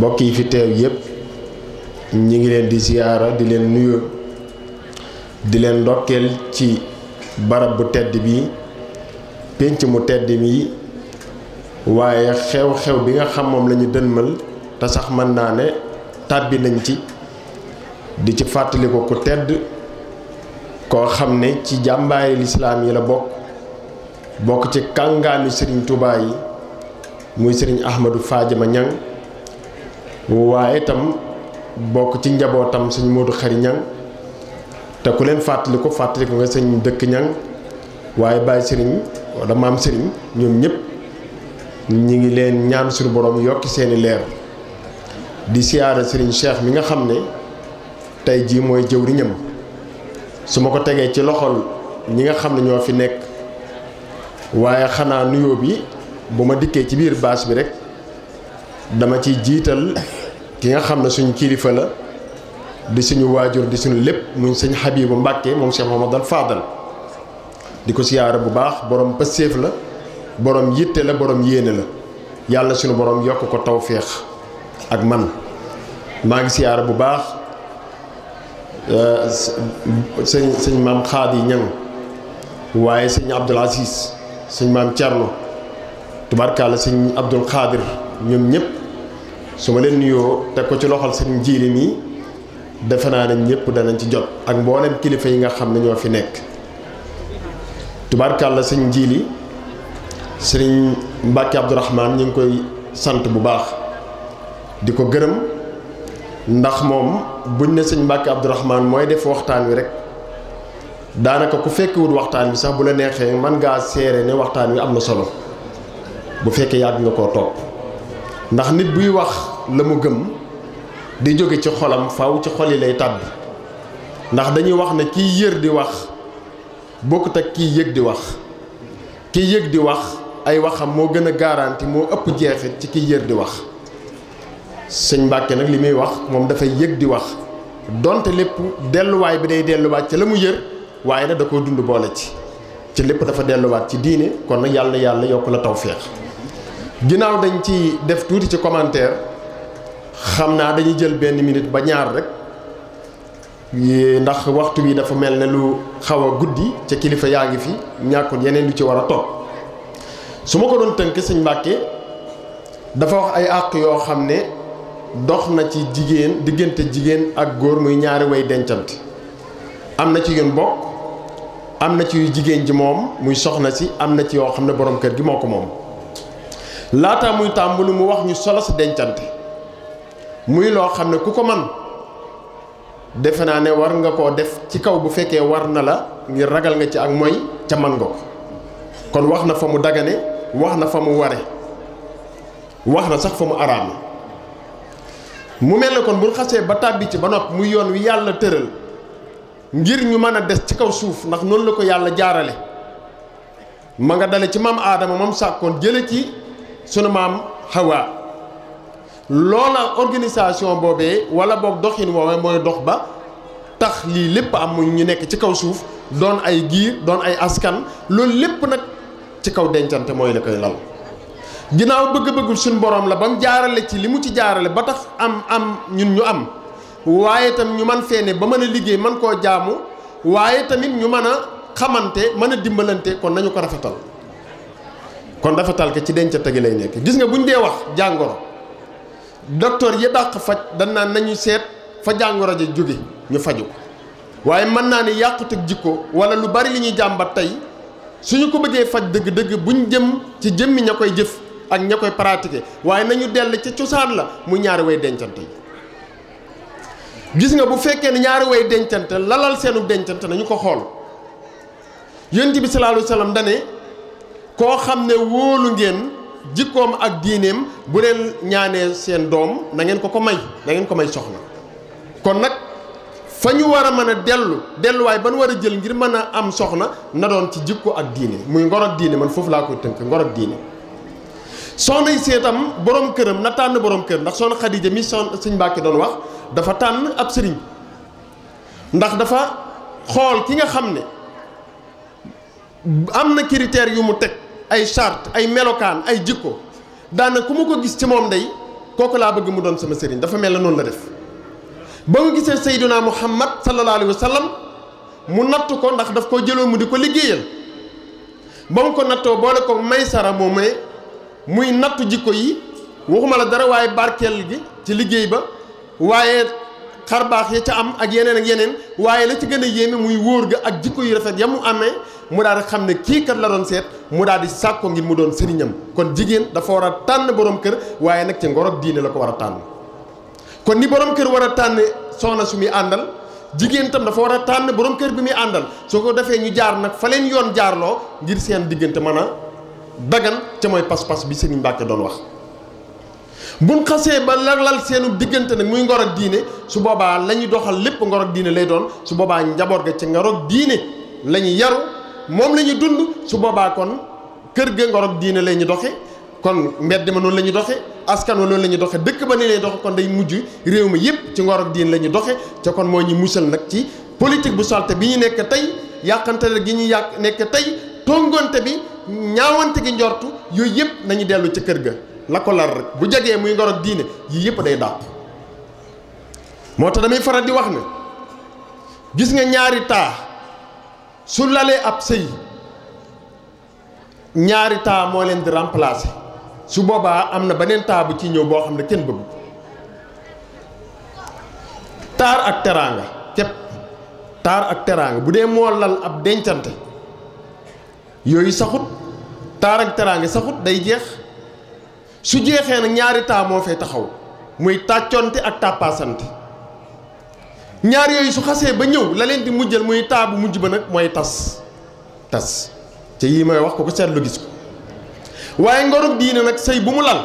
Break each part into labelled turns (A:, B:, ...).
A: mbokk yi fi teew yépp ñi ngi leen di ziyaara di leen nuyu di leen ndokkeel ci barab bu tedd bi pénc mu tedd mi waaye xew-xew bi nga xam moom la ñu dënmal te sax mën naa ne tàbbi nañ ci di ci fàttali ku tedd koo xam ne ci jàmbaari lislaam yi la bokk bokk ci kàngaami sëriñ Tuubaa yi muy sëriñ Ahmadou ma Niang waaye itam bokk ci njabootam sëñ Modou Khary Niang te ku leen fàttaliku fàttaliku nga sëñ dëkk Niang waaye Baye Serigne wala maam Serigne ñoom ñëpp ñi ngi leen ñaan suñu borom yokki seeni leer di siyaara Serigne Cheikh mi nga xam ne tey jii mooy jëwriñam su ma ko tegee ci loxol ñi nga xam ne ñoo fi nekk waaye xanaa nuyoo bi bu ma dikkee ci biir baas bi rek dama ci jiital ki nga xam ne suñ kilifa la di suñu waajur di suñu lépp muy sëñ Habibu Mbàkke moom Cheikh Mouhamadou Fadal di ko siyaara bu baax borom pësséef la borom yitte la borom yéene la yàlla suñu borom yokk ko tawféex ak man maa ngi siyaara bu baax euh, sëñ sëñ maam Xaadi Ñaŋ waaye sëñ Abdul Asiis sëñ maam Cerno tubarkaala sëñ Abdul Xaadir ñoom ñëpp. su ma leen nuyoo teg ko ci loxol sëriñ jiili mi defe naa ne ñëpp danañ ci jot ak mboolem kilifa yi nga xam ne ñoo fi nekk tubaarkàlla sëriñ jiili sëriñ Mbàkke Abdourahman ñu ngi koy sant bu baax di ko gërëm ndax moom buñ ne sëñ Mbàkke Abdourahman mooy def waxtaan wi rek daanaka ku fekkiwut waxtaan wi sax bu la neexee man ngaa seere ne waxtaan wi am na solo bu fekkee yàgg nga koo topp ndax nit buy wax la mu gëm di jóge ci xolam faw ci xol yi lay tàbbi ndax dañuy wax na kiy yër di wax bokkut ak kiy yëg di wax kiy yëg di wax ay waxam moo gën a garanti moo ëpp jeexit ci kiy yër di wax sëñ Mbàkke nag li muy wax moom dafay yëg di wax donte lépp delluwaay bi day delluwaat ci la mu yër waaye nag da koo dund boole ci ci lépp dafa delluwaat ci diine kon nag yàlla yàlla yokk la tawféex ginnaaw dañ ci def tuuti ci commentaire xam naa dañuy jël benn minute ba ñaar rek ndax waxtu wi dafa mel na lu xaw a guddi ca kilifa yaa ngi fi ñàkkul yeneen lu ci war a topp su ma ko doon tënk sëñ Mbàkke dafa wax ay àq yoo xam ne dox na ci jigéen diggante jigéen ak góor muy ñaari way dencante am na ci yun bokk am na ci yu jigéen ji moom muy soxna si am na ci yoo xam ne borom kër gi moo ko moom laata muy tàmbali mu wax ñu solo sa dencante muy loo xam ne ku ko man defe naa ne war nga koo def ci kaw bu fekkee war na la ngir ragal nga ci ak mooy ca man nga ko kon wax na fa mu dagane wax na fa mu ware wax na sax fa mu araam mu mel ne kon bu xasee ba tàbbi ci ba noppi muy yoon wi yàlla tëral ngir ñu mën a des ci kaw suuf ndax noonu la ko yàlla jaarale ma nga dale ci maam aadama moom sàkkoon jële ci sunu maam Hawa loola organisation boobee wala boog doxin woowee mooy dox ba tax lii lépp am mu ñu nekk ci kaw suuf doon ay giir doon ay askan loolu lépp nag ci kaw dencante mooy la koy lal ginnaaw bëgg-bëggul suñu borom la ba mu jaarale ci li mu ci jaarale ba tax am am ñun ñu am waaye tam ñu man feene ba mën a liggéey man koo jaamu waaye tamit ñu mën a xamante mën a dimbalante kon nañu ko rafetal kon rafetal ko ci dencante gi lay nekk gis nga bu ñu dee wax jàngoro docteur yi dàq faj dañ naan nañu seet fa jàngoro ja jóge ñu faju ko waaye mën naa ne yàquteg jikko walla lu bari li ñuy jàmbat tey suñu ko bëggee faj dëgg-dëgg buñ jëm ci jëmmi ña koy jëf ak ña koy pratiquer waaye nañu dell ci cosaan la mu ñaari way dencante yi gis nga bu fekkee ne ñaari woy dencante lalal seenu dencante nañu ko xool yonent bi sallallahu alayhi koo xam ne wóolu ngeen jikkoom ak diineem bu leen ñaanee seen doom na ngeen ko ko may na ngeen ko may soxna kon nag fa ñu war a mën a dellu delluwaay ba nu war a jël ngir mën a am soxna na doon ci jikko ak diine muy ngor ak diine man foofu laa koy tënk ngor ak diine soxna yi seetam boroom këram na tànn boroom kër ndax soxna Xadija mi son sëñ Mbàkke doon wax dafa tànn ab sëriñ ndax dafa xool ki nga xam ne am na critères yu mu teg ay charte ay melokaan ay jikko daana ku ma ko gis ci moom day kooku laa bëgg mu doon sama sëriñ dafa mel ne noonu la def ba nga gisee Seydina Muhammad sallallahu alayhi wa sallam mu natt ko ndax daf koo jëloo mu di ko liggéeyal ba mu ko nattoo boole ko maysara moomee muy nattu jikko yi waxuma la dara waaye barkeel gi ci liggéey ba waaye xar baax ya ca am ak yeneen ak yeneen waaye la ci gën a yéeme muy wóor ga ak jikko yu rafet ya mu amee mu daal di xam ne kii kat la doon seet mu daal di sàkko ngir mu doon sëriñam kon jigéen dafa war tànn borom kër waaye nag ci ngorog diine la ko war a tànn kon ni borom kër war a tànn soxna su muy àndal jigéen tam dafa war a tànn borom kër bi muy àndal soo ko defee ñu jaar nag fa leen yoon jaarloo ngir seen diggante mën a dagan ca mooy pas-pas bi Sëriñ Mbàkke doon wax buñ xasee ba lalal seenu diggante nag muy ngor ak diine su boobaa la ñuy doxal lépp ngor ak diine lay doon su boobaa njaboot ga ci ngor ak diine la ñu yaru moom la ñu dund su boobaa kon kër ga ngor ak diine la ñu doxe kon mbedd ma noonu la ñu doxe askan wa noonu la ñu doxe dëkk ba ne lay doxe kon day mujj réew mi yépp ci ngor ak diine la ñu doxe ca kon moo ñu musal nag ci politique bu salte bi ñu nekk tey yàqantale gi ñu yàq nekk tey tongonte bi ñaawante gi njortu yooyu yëpp nañu dellu ca kër ga la ko lar rek bu jagee muy ngoro diine yii yëpp day dàq moo tax damay faral di wax ne gis nga ñaari taa su lalee ab sëy ñaari taa moo leen di remplacer su boobaa am na beneen taa bu ci ñëw boo xam ne kenn bëgg taar ak teraanga képp taar ak teraanga bu dee moo lal ab dencante yooyu saxut taar ak teraanga saxut day jeex su jeexee nag ñaari taa moo fay taxaw muy tàccoonte ak tàppaasante ñaar yooyu su xasee ba ñëw la leen di mujjal muy taa bu mujj ba nag mooy tas tas te yii mooy wax ko ko seetlu gis ko waaye ngorug diine nag sëy bu mu lal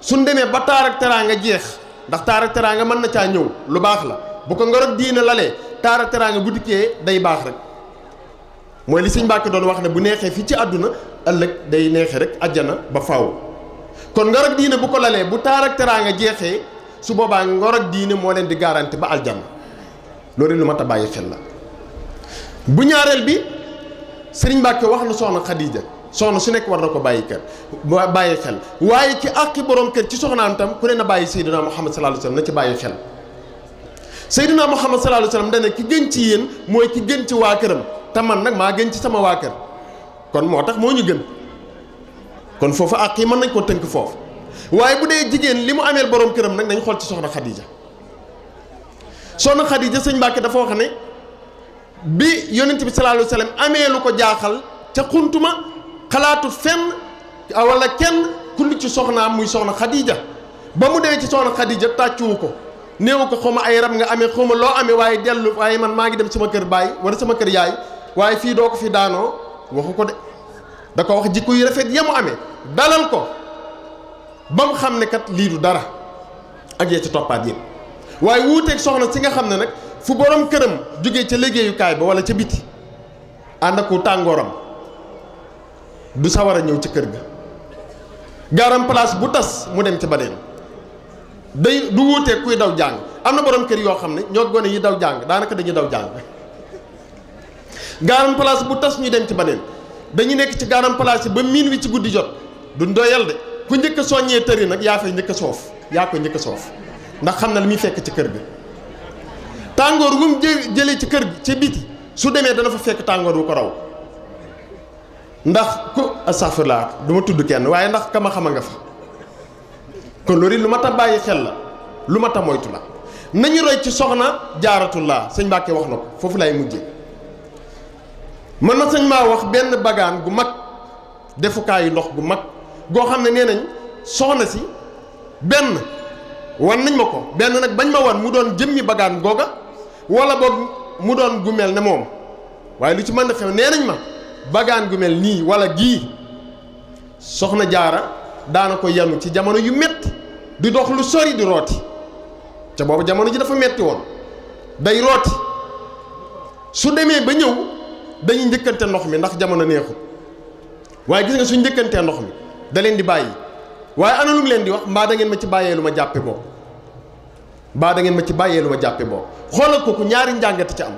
A: suñ demee ba taar ak teraanga jeex ndax taar ak teraanga mën na caa ñëw lu baax la bu ko ngorug diine lalee taar ak teraanga bu dikkee day baax rek mooy li sëñ Mbàkke doon wax ne bu neexee fii ci àdduna ëllëg day neexee rek àjjana ba faaw. kon ngor ak diine bu ko lalee bu taar ak teraanga jeexee su boobaa ngor ak diine moo leen di garanti ba aljana loolu lu mat a bàyyi xel la bu ñaareel bi sëriñ Mbàkke wax lu soxna Xadiija soxna su nekk war ko bàyyi kër bàyyi xel waaye ci àqi borom kër ci soxnaam tam ku ne na bàyyi Seydina Muhammad sallallahu alayhi wasallam na ci bàyyi xel Seydina Muhammad sallallahu alayhi wasallam dana ki gën ci yéen mooy ki gën ci waa këram te man nag maa gën ci sama waa kër kon moo tax moo ñu gën kon foofu àq yi mën nañ koo tënk foofu waaye bu dee jigéen li mu ameel boroom këram nag dañ xool ci soxna Khadija soxna Khadija sëñ Mbàkke dafa wax ne bi yonent bi sallallahu alayhi amee lu ko jaaxal ca xuntuma xalaatu fenn ah, wala kenn kulli ci soxnaam muy soxna Khadija ba mu demee ci soxna Khadija tàccuwu ko néew ko xaw ma ay rab nga amee xaw ma loo ame waaye dellu waaye man maa ngi dem sama kër baay wala sama kër yaay waaye fii doo ko fi daanoo waxu ko de. da ko wax jikko yu rafet ya mu amee dalal ko ba mu xam ne kat lii du dara ak yee ci toppaat yëpp waaye wuuteeg soxna si nga xam ne nag fu borom këram jóge ca liggéeyukaay ba wala ca biti ànd ak tàngooram du sawar a ñëw ci kër ga gaaram place bu tas mu dem ca baneen day du wuuteeg kuy daw jàng am na boroom kër yoo xam ne ñoo gone yi daw jàng daanaka dañuy daw jàng gaaram place bu tas ñu dem ci baneen dañu nekk ci gaanam place yi ba miin wi ci guddi jot duñ doyal de ku njëkk a soññee tëri nag yaa fay njëkk a soof yaa ko njëkk soof ndax xam na li muy fekk ci kër gi tàngoor wu mu ci kër gi ci biti su demee dana fa fekk tàngoor wu ko raw ndax ku astafurlaa du ma tudd kenn waaye ndax kama xam a nga fa kon loolu lu ma ta bàyyi xel la lu ma ta moytu la nañu roy ci soxna laa sëñ Mbàkke wax na ko foofu laay mujjee mën na sañ maa wax benn bagaan gu mag defukaayu ndox gu mag goo xam ne nee nañ soxna si benn wan nañ ma ko benn nag bañ ma wan mu doon jëmmi bagaan googa walla boog mu doon gu mel ne moom waaye lu ci mën na xew nee nañ ma bagaan gu mel nii wala gii soxna jaara daana ko yanu ci jamono yu métti di dox lu sori di rooti ca boobu jamono ji dafa metti woon day rooti su demee ba ñëw dañuy njëkkante ndox mi ndax jamono neexul waaye gis nga suñ njëkkantee ndox mi da leen di bàyyi waaye ana lu leen di wax mbaa da ngeen ma ci bàyyee lu ma jàppe boo mbaa da ma ci bàyyee lu ma jàppe boo xoolal ko kooku ñaari njàngate ci am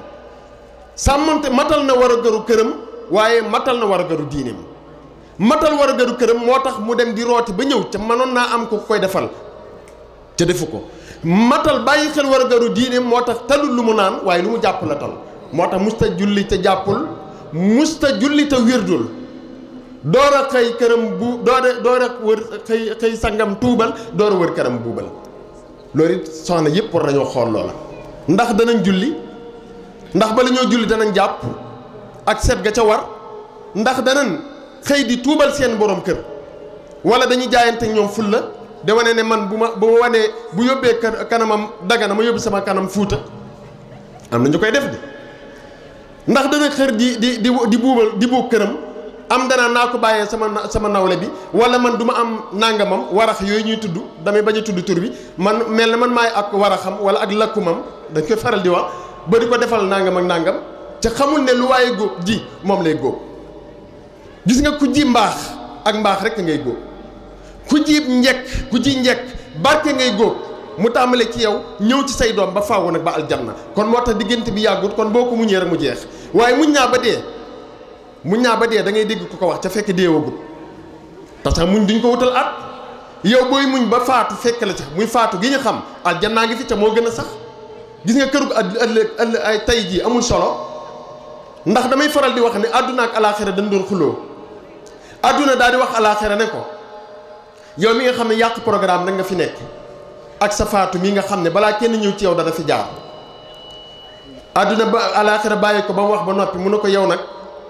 A: sàmmante matal na war a garu këram waaye matal na war a garu diine mi matal war a këram moo tax mu dem di rooti ba ñëw ca manoon naa am ko ku koy defal ca defu ko matal bàyyi xel war a garu diine moo tax talul lu mu naan waaye lu mu jàpp la tal moo tax musta julli te jàppul musta julli te wirdul door xëy këram bu door door a wër xëy sangam tuubal door a wër këram buubal loolu it soxna yëpp war nañoo xool loola ndax danañ julli ndax ba ñoo julli danañ jàpp ak set ga ca war ndax danañ xëy di tuubal seen borom kër wala dañuy jaayante ñoom fulla de wane ne man bu ma bu ma wanee bu yóbbee kanamam dagana ma yóbbu sama kanam fuuta am na ñu koy def de ndax dana xër di di di di buubal di buub këram am danaa naa ko bàyyee sama sama nawle bi wala man du ma am nangamam warax yooyu ñuy tudd damay bañ a tudd tur bi man mel na man maay ak waraxam wala ak lakkumam dañ ko faral di wax ba ko defal nangam ak nangam te xamul ne lu waaye góob ji moom lay góob gis nga ku ji mbaax ak mbaax rek ngay góob ku ji njekk ku ji njekk barke ngay góob mu tàmbale ci yow ñëw ci say doom ba faaw nag ba aljanna kon moo tax diggante bi yàggut kon boo ko muñee rek mu jeex waaye muñ naa ba dee muñ naa ba dee da ngay dégg ku ko wax ca fekk deewagul te sax muñ duñ ko wutal at yow booy muñ ba faatu fekk la ca muy faatu gi ñu xam naa ngi fi ca moo gën a sax gis nga kërug ëllëg ëllëg ay tay jii amul solo ndax damay faral di wax ne àdduna ak alaaxira dañ doon xuloo àdduna daal di wax alaaxira ne ko yow mi nga xam ne yàq programme da nga fi nekk ak sa faatu mi nga xam ne balaa kenn ñëw ci yow dana fi jaar àdduna ba alaaxira bàyyi ko ba mu wax ba noppi mu ne ko yow nag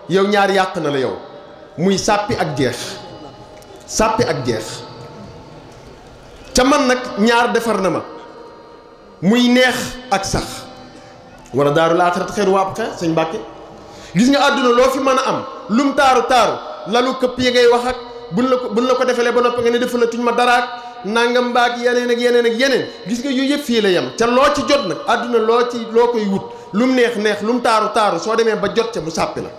A: yow ñaar yàq na la yow muy sàppi ak jeex sàppi ak jeex ca man nag ñaar defar na ma muy neex ak sax wala daarul aaxirat xeeru wa abqa sëñ Mbàkke gis nga àdduna loo fi mën a am lum taaru taaru lalu këpp yi ngay wax ak bu buñ la ko buñ la ko defalee ba noppi nga ne defalatuñ ma daraak nangam mbaag yeneen ak yeneen ak yeneen gis nga yooyu yëpp fii la yem ca loo ci jot nag àdduna loo ci loo koy wut lu mu neex neex lu mu taaru taaru soo demee ba jot ca mu sàppi la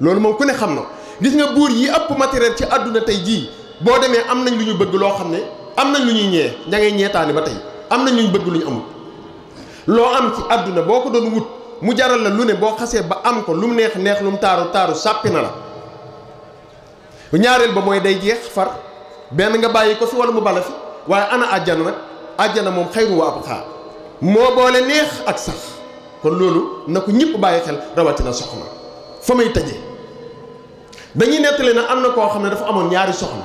A: loolu moom ku ne xam na gis nga buur yi ëpp matériel ci àdduna tey jii boo demee am nañ lu ñu bëgg loo xam ne am nañ lu ñuy ñee ña ngay ñeetaani ba tey am na lu ñu bëgg lu ñu amul loo am ci àdduna boo ko doon wut mu jaral la lu ne boo xasee ba am ko lu mu neex neex lu mu taaru taaru sàppi na la ñaareel ba day jeex far benn nga bàyyi ko fi wala mu bala waaye ana àjjana nag àjjana moom xayru wa abqaa moo boole neex ak sax kon loolu na ko ñëpp bàyyi xel rawatina soxna fa may tëjee dañuy nettali na am na koo xam ne dafa amoon ñaari soxna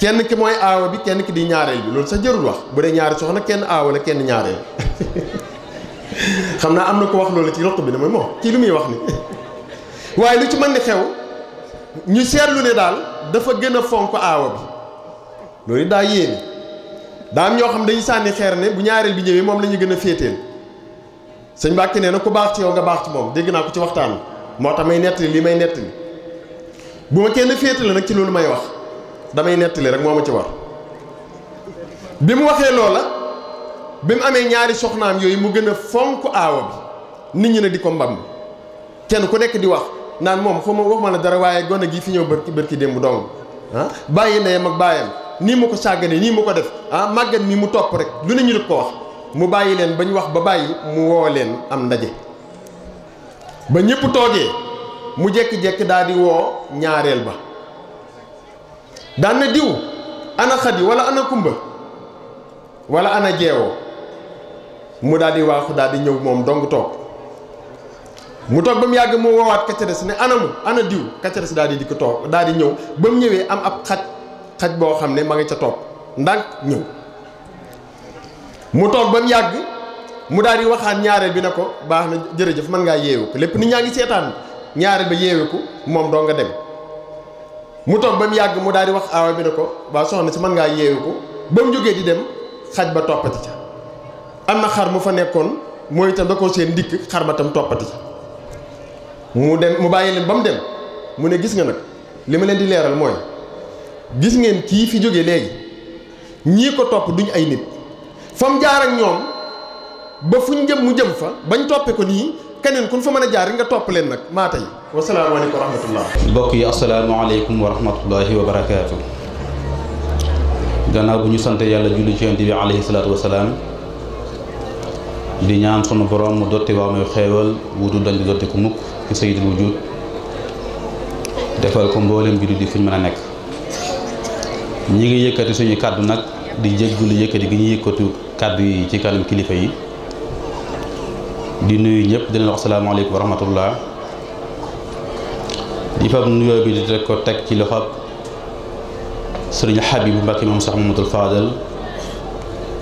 A: kenn ki mooy aawa bi kenn ki di ñaareel bi loolu sax jarul wax bu dee ñaari soxna kenn aawa la kenn ñaareel xam naa am na ko wax loolu ci roq bi ne mooy moom kii lu muy wax ni waaye lu ci mën di xew ñu seetlu ne daal. dafa gën a fonk aawa bi loolu daa yéene daa am ñoo xam dañu sànni xeer ne bu ñaareel bi ñëwee moom la ñu gën a féeteel sëñ Mbàkke nee na ku baax ci yow nga baax ci moom dégg naa ko ci waxtaan moo tax may nettali li may nettali bu ma kenn féetale nag ci loolu may wax damay nettali rek moo ma ci war bi mu waxee loola bi mu amee ñaari soxnaam yooyu mu gën a fonk aawa bi nit ñi ne di ko mbam kenn ku nekk di wax naan moom xaw ma waxuma la dara waaye gone gi fi ñëw bër bërki démb dong ah bàyyi ndeyam ak bàyyam nii mu ko sàggane nii mu ko def ah màggat mi mu topp rek lu ne ñu def ko wax mu bàyyi leen ba ñu wax ba bàyyi mu woo leen am ndaje ba ñépp toogee mu jékki-jékki daal di woo ñaareel ba daan na diw ana xadi wala ana kumba wala ana jeewoo mu daal di waaxu daal ñëw moom dong toog mu toog ba mu yàgg mu woowaat ka ca ne anamu ana diw daal di di ko daal di ñëw ba mu am ab xaj xaj boo xam ne ma nga ca toog ndànk ñëw mu toog ba yàgg mu daal di waxaat ñaareel bi ne ko baax na jërëjëf mën ngaa yeewu lépp nit ñaa seetaan ñaareel ba yeewu moom doo nga dem mu ba mu yàgg mu daal di wax aawa bi ne ko waa soxna si mën ngaa yeewu ko ba mu jógee di dem xaj ba toppati ca am na xar mu fa nekkoon mooy itam da koo seen dikk xar ba tam toppati ca mu dem mu bàyyi leen ba mu dem mu ne gis nga nag li ma leen di leeral mooy gis ngeen kii fi jóge léegi ñii ko topp duñ ay nit fa mu jaar ak ñoom ba fu ñu jëm mu jëm fa bañ toppe ko nii keneen kun fa mën a jaar nga topp leen nag maa tey wasalaamaaleykum wa rahmatullah
B: mbokk yi asalaamaaleykum wa rahmatullahi wa barakaatu gannaaw bu ñu sant yàlla julli ci yonent bi alayhi salaatu wasalaam di ñaan sunu borom mu dotti waa muy xeewal wutu dañ dotti ku mukk ci sayyidul wujud defal ko mboolem bi di fuñ mën a nekk ñi ngi yëkkati suñu kàddu nag di jéggulu yëkkati gi ñu yëkkatu kàddu yi ci kanam kilifa yi di nuyu ñëpp di leen wax salaamaaleykum wa di fab nuyoo bi di rek ko teg ci loxo sëriñ Xabibu Mbàkke moom sax Mamadul Faadal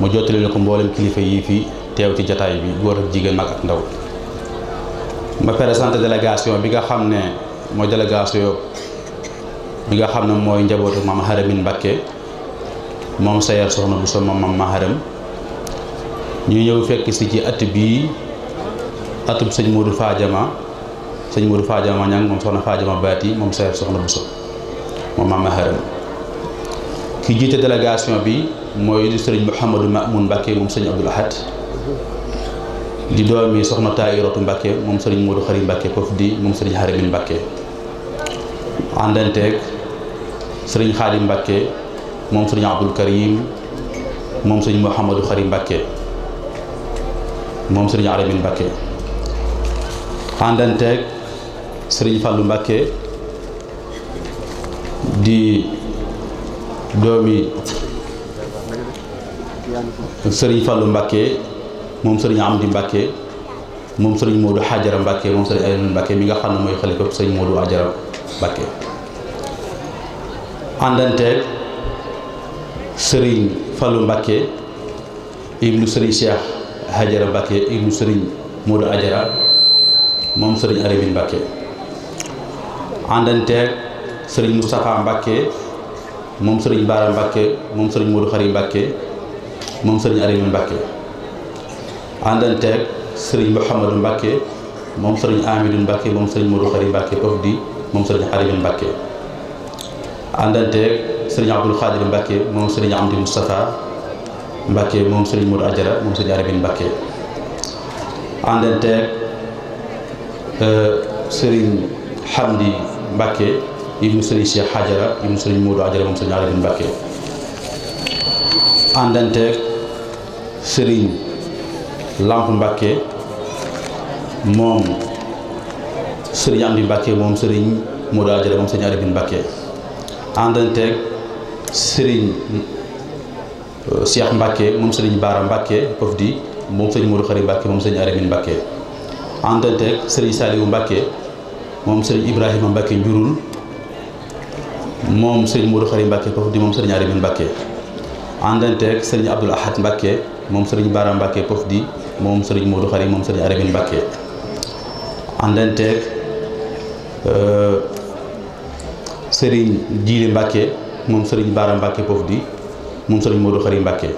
B: mu jottali ko mboolem kilifa yii fii teew ci jataay bi góor ak jigéen mag ak ndaw ma présenté délégation bi nga xam ne mooy délégation bi nga xam ne mooy njabootu maam Haramin Mbakke moom sayar soxna bu sama ñëw fekk si ci at bii atub sëñ Modou Fadiama sëñ Modou Fadiama ñang moom soxna Fadiama Baati moom sayar soxna bu sama moom maam Haram ki jiite délégation bi mooy sëriñ Mouhamadou Mamoun Mbakke moom sëñ Abdoul Ahad di doomi soxna Taayiratu Mbàkke moom sëriñ Modou Xari Mbàkke kof di moom sëriñ Xarimin Mbàkke àndanteeg sëriñ Xaali Mbàkke moom sëriñ Abdul Karim moom sëriñ Mouhamadou Xari Mbàkke moom sëriñ Xarimin Mbàkke àndanteeg sëriñ Fàllu Mbàkke di doomi sëriñ Fàllu Mbàkke moom sëriñ Amdi Mbàkke moom sëriñ Moodu Xaajara Mbàkke moom sëriñ Aynu Mbàkke mi nga xam ne mooy xalifa sëriñ Moodu Ajara Mbàkke àndanteeg sëriñ Fallu Mbàkke ibnu sëriñ Cheikh Xaajara Mbàkke ibnu sëriñ Moodu Ajara moom sëriñ Aramin Mbàkke àndanteeg sëriñ Moustapha Mbàkke moom sëriñ Baara Mbàkke moom sëriñ Moodu Xari Mbàkke moom sëriñ Aramin Mbàkke àndanteeg sëriñ Mouhamadou Mbacke moom sëriñ Amidou Mbacke moom sëriñ Modou Khari Mbacke of di moom sëriñ Xarimi Mbacke àndanteeg sëriñ Abdoul Khadir Mbacke moom sëriñ Amdi Moustapha Mbacke moom sëriñ Modou Adjara moom sëriñ Arabine Mbacke àndanteeg euh, sëriñ Hamdi Mbacke ibnu sëriñ Cheikh Hadjara ibnu àndanteeg sëriñ Lamp Mbàkke moom sëriñ Amdi Mbàkke moom sëriñ moo daa jële moom sëriñ Arabin Mbàkke àndanteeg sëriñ Cheikh Mbàkke moom sëriñ Baara Mbàkke pof di moom sëriñ Modou Xari Mbàkke moom sëriñ Arabin Mbàkke àndanteeg sëriñ Saliou moom sëriñ Ibrahima Mbàkke njurul moom sëriñ Modou Xari Mbàkke pof di moom sëriñ Arabin Mbàkke àndanteeg sëriñ Abdoul Ahad Mbàkke moom sëriñ Baara Mbàkke pof di moom sëriñ Modou Khari moom sëriñ Arabine Mbacké àndanteeg euh, sëriñ Jiili Mbacké moom sëriñ Baara Mbacké foofu di moom sëriñ Modou Khari Mbacké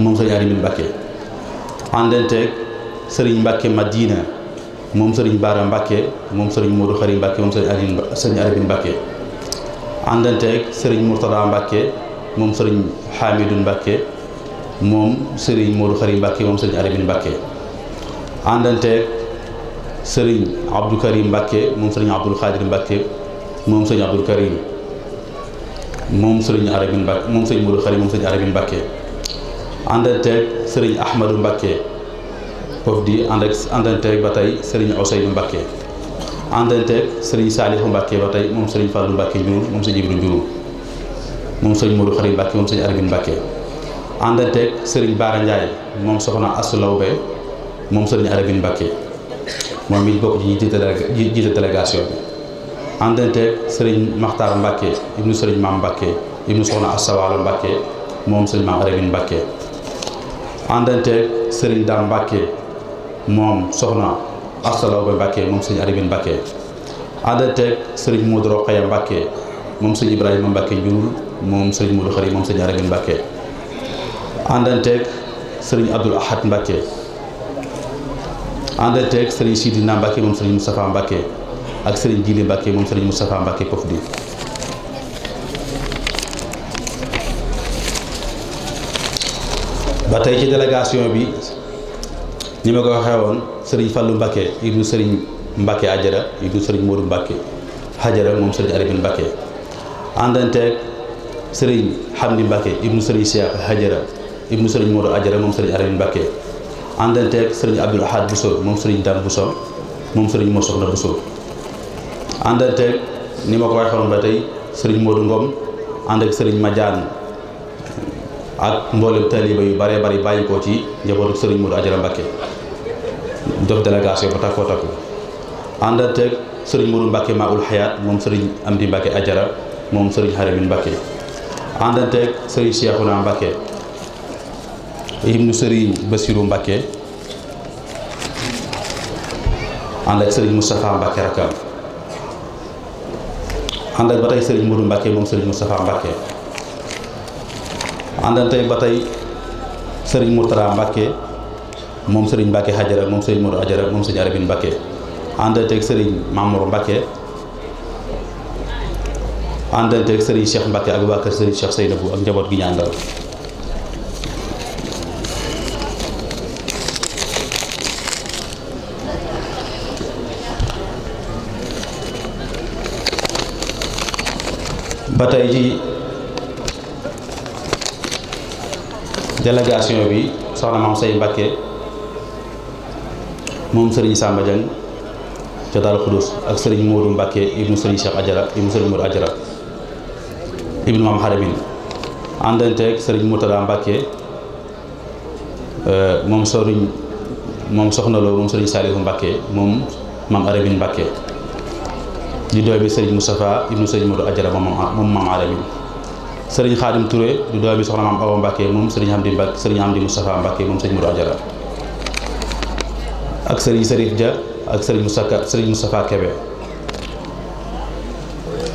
B: moom sëriñ Arabine Mbacké àndanteeg sëriñ Mbacké Madina moom sëriñ Baara Mbacké moom sëriñ Modou Khari Mbacké moom sëriñ Arabine sëriñ Arabine Mbacké àndanteeg sëriñ Mourtada Mbacké moom sëriñ Hamidou Mbacké moom sëriñ Modou Khary Mbacke moom sëriñ Aramine Mbacke àndanteeg sëriñ Abdou Karim Mbacke moom sëriñ Abdoul Khadir Mbacke moom sëriñ Abdoul Karim moom sëriñ Aramine Mbacke moom sëriñ Modou Khary moom sëriñ Aramine Mbacke àndanteeg sëriñ di ànd ak ba tey sëriñ Ousseynou Mbacke àndanteeg sëriñ Salihou Mbacke ba tey moom sëriñ Fallou Mbacke Ndiour moom sëriñ Ibrahima Ndiour moom sëriñ Modou Khary Mbacke moom sëriñ Aramine Mbacke. àndanteeg sëriñ Baara Ndiaye moom soxna Astou Laobé moom sëriñ Arabine Mbacké moom it bokk ci jiite délégation sëriñ Makhtar Mbacké ibnu moom sëriñ Maam Arabine Mbacké àndanteeg sëriñ Dame Mbacké moom soxna Astou Laobé Mbacké moom sëriñ Arabine Mbacké àndanteeg sëriñ Ibrahima Mbacké njurul moom sëriñ Modou Khari moom sëriñ Arabine Mbacké àndanteeg sëriñ Abdoul Ahad Mbacke àndanteeg sëriñ Sidina Mbacke moom sëriñ Moustapha Mbacke ak sëriñ Jili Mbacke moom sëriñ Moustapha Mbacke kof ba tey ci délégation bi ñi ma ko waxee sëriñ Fallou Mbacke ibnu sëriñ Mbacke Ajara ibnu sëriñ Modou Mbacke Ajara moom sëriñ Arabine Mbacke àndanteeg sëriñ Hamdi Mbacke ibnu sëriñ Cheikh Ajara ibnu sëriñ Modou Ajara moom sëriñ Arabi Mbacke àndanteeg sëriñ Abdoul Ahad Bousso moom sëriñ Dame Bousso moom sëriñ moo soxna Bousso àndanteeg ni ma ko waxoon ba tey sëriñ Modou ngoom ànd sëriñ Madiane ak mboolem taaliba yu baree bari bàyyi ci njabootu sëriñ Modou Ajara Mbacke def délégation ba takkoo takku àndanteeg sëriñ Modou Mbacke Maoul Hayat sëriñ Amdi Ajara moom sëriñ Haramin Mbacke àndanteeg sëriñ Cheikhouna Mbacke ibnu sëriñ Basiru Mbakke ànd ak sëriñ Moustapha Mbakke rakkam ànd ak ba tey sëriñ Modou Mbakke moom sëriñ Moustapha Mbakke ànd ak tey ba tey sëriñ Mourtala Mbakke moom sëriñ Mbakke Hajara moom sëriñ Modou Hajara moom sëriñ Arabine Mbakke ànd ak tey sëriñ Mamour Mbakke àndante ak sëriñ Cheikh Mbakke ak waa kër sëriñ Cheikh Seynabou ak njaboot gi ñu àndal ba tey ci délégation bi soxna maam say Mbàkke moom sëriñ Samba Dieng ca Daaru Xudus ak sëriñ Modou Mbàkke ibnu sëriñ Cheikh Ajara ibnu sëriñ Modou Ajara ibnu maam Xaramin àndanteeg sëriñ Murtada Mbàkke euh, moom sëriñ moom soxna loo moom sëriñ Saalihu Mbàkke moom maam Arabin Mbàkke di doomi sëriñ Moustapha ibnu sëriñ Modou Ajara moom moom maam Alamin sëriñ Xaadim Touré di doomi soxna maam Awa Mbacke moom sëriñ Amdi Mbacke sëriñ Amdi Moustapha Mbacke moom sëriñ Modou Ajara ak sëriñ Sërif Dia ak sëriñ Moustapha sëriñ Moustapha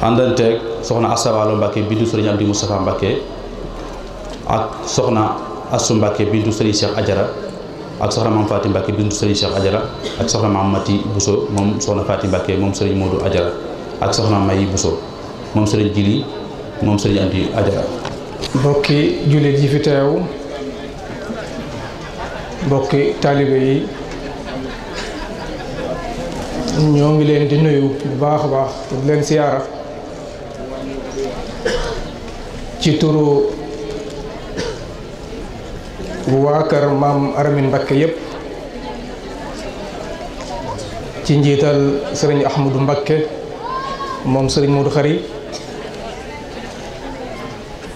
B: àndanteeg soxna Asawalo Mbacke bindu sëriñ Amdi Moustapha Mbacke ak soxna Assou Mbacke bindu sëriñ Cheikh Ajara ak soxna maam Faati Mbàkke bintu sëriñ Cheikh Ajara ak soxna maam Mati Bousso moom soxna Faati Mbàkke moom sëriñ Modou Ajara ak soxna May buso moom sëriñ Jili moom sëriñ Andi Ajara
C: mbokki jullit yi fi teew mbokki taalibe yi ñoo ngi leen di nuyu bu baax a baax di leen siyaara ci turu waa kër maam Aramin Mbakke yëpp ci njiital sëriñ Ahmadou Mbakke moom sëriñ Modou Khari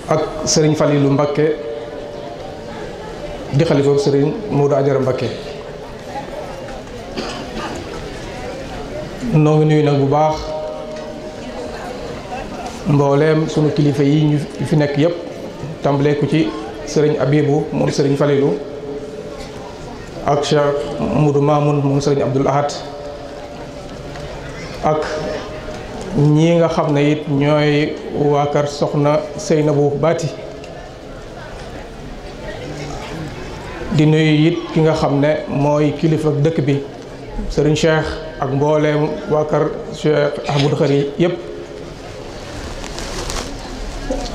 C: ak sëriñ Falilou Mbakke di xalifa sëriñ Modou Ajara Mbakke noo ngi nuyu nag bu baax mbooleem sunu kilifa yi ñu fi nekk yëpp tàmbalee ci sëriñ Abibu moom sëriñ Falilu ak Cheikh Moudou Mamoun moom sëriñ Abdul Ahad ak ñi nga xam ne it ñooy soxna kër soxna Seynabu Baati di nuyu it ki nga xam ne mooy kilifa dëkk bi sëriñ Cheikh ak mbooleem waakar kër Cheikh Ahmadou Khari yëpp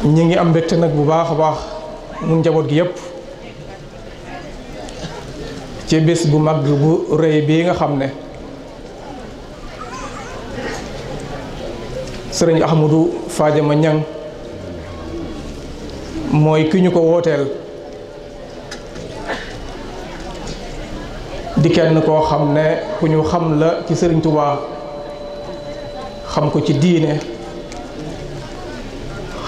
C: ngi am mbégte nag bu baax a baax mu njaboot gi yëpp ci bés bu mag bu rëy bii nga xam ne sëriñ Ahmadou ma Niang mooy ki ñu ko wooteel di kenn koo xam ne ku ñu xam la ci sëriñ Touba xam ko ci diine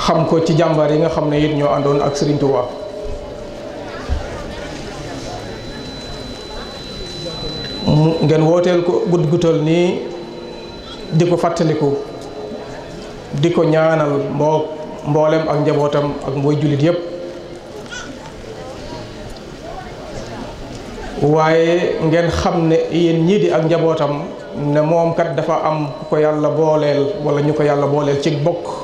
C: xam ko ci jàmbaar yi nga xam ne it ñoo àndoon ak Serigne Touba ngeen wooteel ko gudd gutal nii di ko fàttaliku di ko ñaanal mboo mboolem ak njabootam ak mbooy jullit yépp waaye ngeen xam ne yéen ñii di ak njabootam ne moom kat dafa am ku ko yàlla booleel wala ñu ko yàlla booleel ci bokk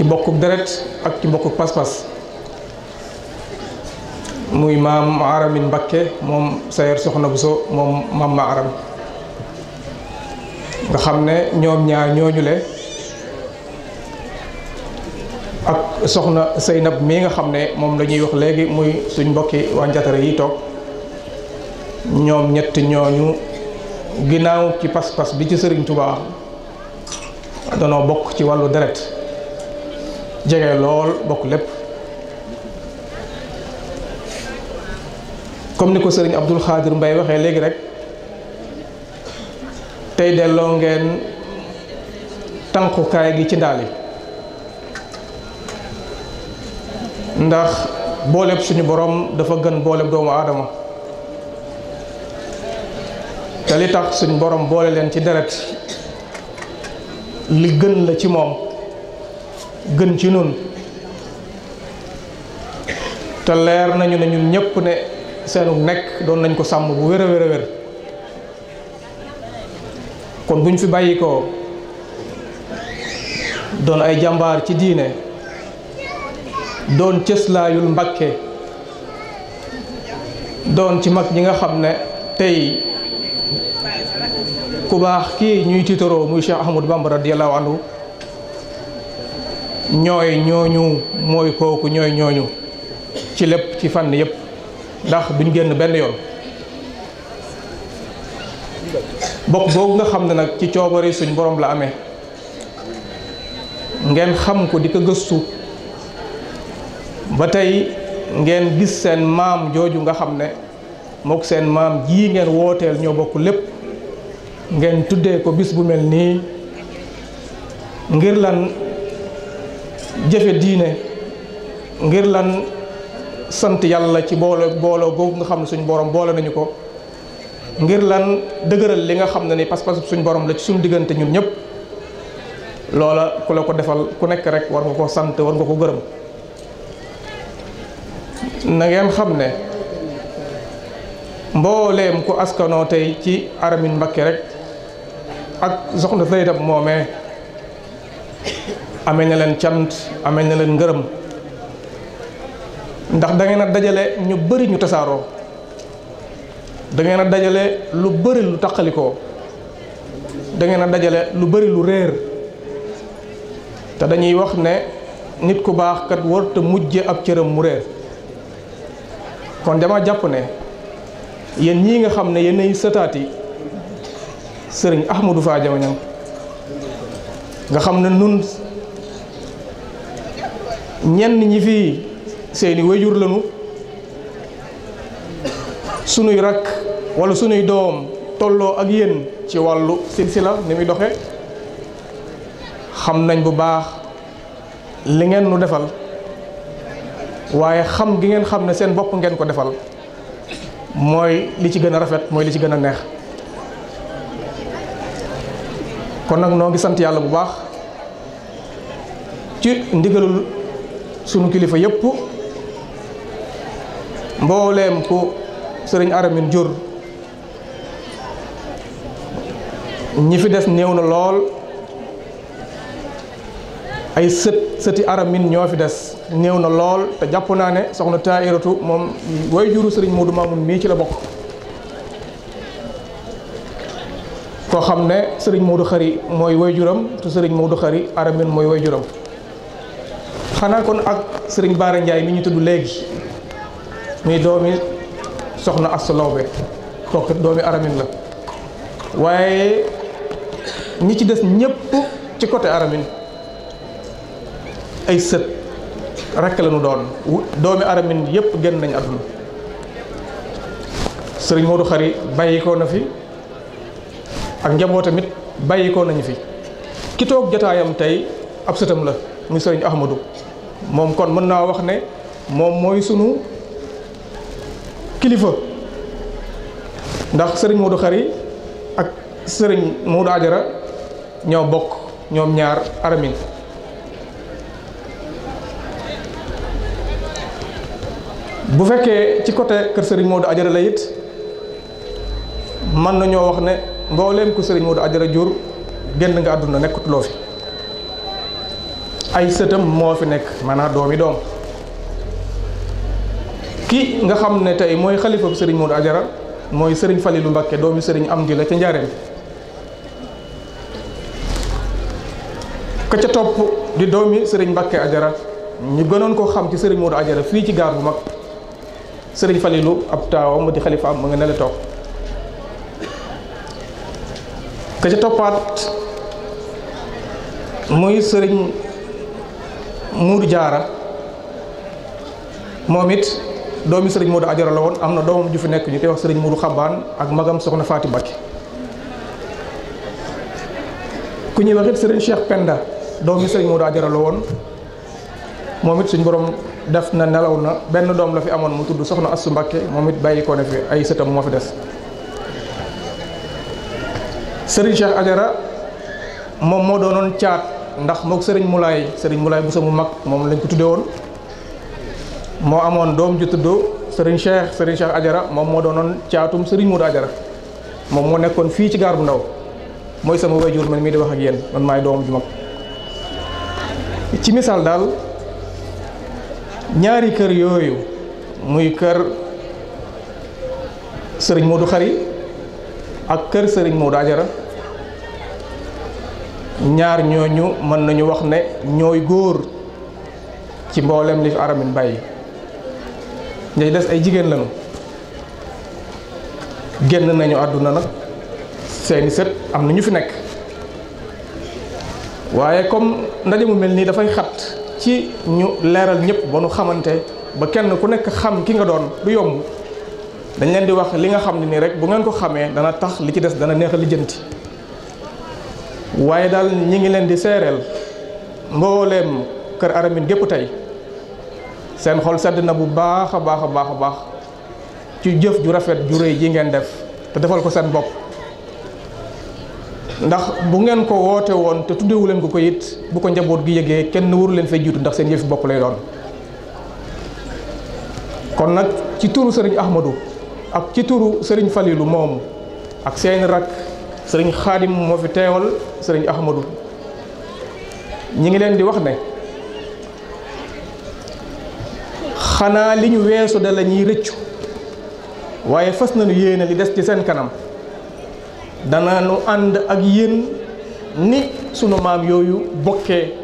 C: ci bokkuk deret ak ci bokkuk pas-pas muy maam aramin Mbakke moom sayer soxna Buso moom maam ma aram nga xam ne ñoom ñaar ñooñule ak soxna Seynab mii nga xam ne moom la ñuy wax léegi muy suñ mbokki waa njatare yi toog ñoom ñett ñooñu ginnaaw ci pas-pas bi ci Sëriñ Tuubaa danoo bokk ci wàllu deret jege lool bokk lépp comme ni ko sëriñ Abdul Xaadir Mbay waxee léegi rek tey delloo ngeen tànqukaay gi ci ndaal yi ndax booleb suñu boroom dafa gën booleb doomu aadama te li tax suñu borom boole leen ci deret li gën la ci moom gën ci nun te leer nañu ne ñun ñëpp ne seenu nekk doon nañ ko sàmm bu wéra a wér a wér kon buñ fi bàyyikoo doon ay jàmbaar ci diine doon cëslaayul Mbàkke doon ci mag ñi nga xam ne tey ku baax kii ñuy tiitaroo muy Cheikh Ahmadou Bamba radiyallahu anhu ñooy ñooñu mooy kooku ñooy ñooñu ci lépp ci fànn yépp ndax duñ génn benn yoon bokk boobu nga xam ne nag ci coobari suñ boroom la amee ngeen xam ko di ko gëstu ba tey ngeen gis seen maam jooju nga xam ne mook seen maam jii ngeen wooteel ñoo bokk lépp ngeen tuddee ko bis bu mel nii ngir lan jëfe diine ngir lan sant yàlla ci boole booloo googu nga xam ne suñ borom boole nañu ko ngir lan dëgëral li nga xam ne ni pas-pas suñu borom la ci suñu diggante ñun ñëpp loola ku la ko defal ku nekk rek war nga ko sant war nga ko gërëm na ngeen xam ne mbooleem ku askanoo tey ci aramin mbakki rek ak soxna Zeynab moomee amee na leen cant amee na leen ngërëm ndax da ngeen dajale ñu bëri ñu tasaaroo dangeen dajale lu bëri lu taqalikoo dangeen a dajale lu bari lu réer te dañuy wax ne nit ku baax kat warta mujje ab cëram mu réer kon dama jàpp ne yéen ñii nga xam ne yéenay sëtaati sëriñ Ahmadou Fa Diaw Niang nga xam ne nun ñenn ñi fi seeni wayjur lañu sunuy rakk wala sunuy doom tolloo ak yéen ci wàllu silsila ni muy doxe xam nañ bu baax li ngeen nu defal waaye xam gi ngeen xam ne seen bopp ngeen ko defal mooy li ci gën a rafet mooy li ci gën a neex kon nag noo ngi sant yàlla bu baax ci ndigalul sunu kilifa yëpp mbooleem ku sëriñ aramin jur ñi fi des néew na lool ay sët sëti Aramine ñoo fi des néew na lool te jàpp naa ne soxna Tairatu moom way juru sëriñ Modou Mamoun mii ci la bokk koo xam ne sëriñ moo du Xari mooy way juram te sëriñ moo du Xari Aramine mooy way juram xanaa kon ak sëriñ Baara Ndiaye mi ñu tudd léegi muy doomi soxna Asta Lawbe kooku doomi aramin la waaye ñi ci des ñëpp ci côté aramin ay sët rekk la ñu doon doomi aramin yëpp génn nañu àdduna sëriñ Modou Khari bàyyi ko na fi ak njabootamit bàyyi ko nañu fi ki toog jotaayam tey ab sëtam la. mu sëriñ Ahmadou moom kon mën naa wax ne moom mooy sunu kilifa ndax sëriñ Modou Khary ak sëriñ Modou Ajara ñoo bokk ñoom ñaar aramin bu fekkee ci côté kër sëriñ Modou Ajara la it mën nañoo wax ne mbooleem ku sëriñ Modou Ajara jur génn nga àdduna nekkatuloo fi ay sëtam moo fi nekk doom doomi doom ki nga xam ne tey mooy xalifa sëriñ Modou Ajara mooy sëriñ Falilu doom doomi sëriñ Amdi la ci Njaareem ka ca topp di doomi sëriñ Mbakke Ajara ñu gënoon ko xam ci sëriñ Modou Ajara fii ci gaar bu mag sëriñ Falilu ab taawam di xalifa am mu nga ne la ka ca toppaat muy sëriñ Modou Diarra moom it doomi Serigne Modou Ajara la woon am na doomam ju fi nekk ñu koy wax Serigne Modou xambaan ak magam soxna Faati Mbakke ku ñuy wax it Serigne Cheikh Penda doomi Serigne Modou Ajara la woon moom it suñ boroom def na nelaw na benn doom la fi amoon mu tudd soxna Assu Mbakke moom it bàyyi fi ay sëtam moo fi des Serigne Cheikh Ajara moom moo doonoon caat. ndax mook sëriñ Moulay sëriñ Moulay Bousso mu mag moom lañ ko tuddee woon moo amoon doom ju tudd sëriñ Cheikh sëriñ Cheikh Ajara moom moo doonoon caatum sëriñ Moudou Ajara moom moo nekkoon fii ci gaar bu ndaw mooy sama wayjur man mii di wax ak yéen man maay doom ju mag ci misaal daal ñaari kër yooyu muy kër sëriñ du Xari ak kër sëriñ Modou Ajara ñaar ñooñu mën nañu wax ne ñooy góor ci mboolem li fi aramin bàyyi ñay des ay jigéen lañu génn nañu àdduna nag seeni sët am na ñu fi nekk waaye comme ndaje mu mel nii dafay xat ci ñu leeral ñëpp ba nu xamante ba kenn ku nekk xam ki nga doon lu yomb dañ leen di wax li nga xam ne nii rek bu ngeen ko xamee dana tax li ci des dana neex a lijjanti waaye daal ñi ngi leen di seereel mbooleem kër Aramine gépp tey seen xol sedd na bu baax a baax a baax a baax ci jëf ju rafet ju rëy ji ngeen def te defal ko seen bopp ndax bu ngeen ko woote woon te tuddewu leen ko ko it bu ko njaboot gi yëgee kenn waru leen fay jiitu ndax seen yëfi bopp lay doon kon nag ci turu sëriñ Ahmadou ak ci turu sëriñ Falilou moomu ak seeni rakk sëriñ xaadim moo fi teewal sëriñ ahmadu ñi ngi leen di wax ne xanaa li ñu weesu de la ñuy rëccu waaye fas nañu yéene li des ci seen kanam dana nu ànd ak yéen ni sunu maam yooyu bokkee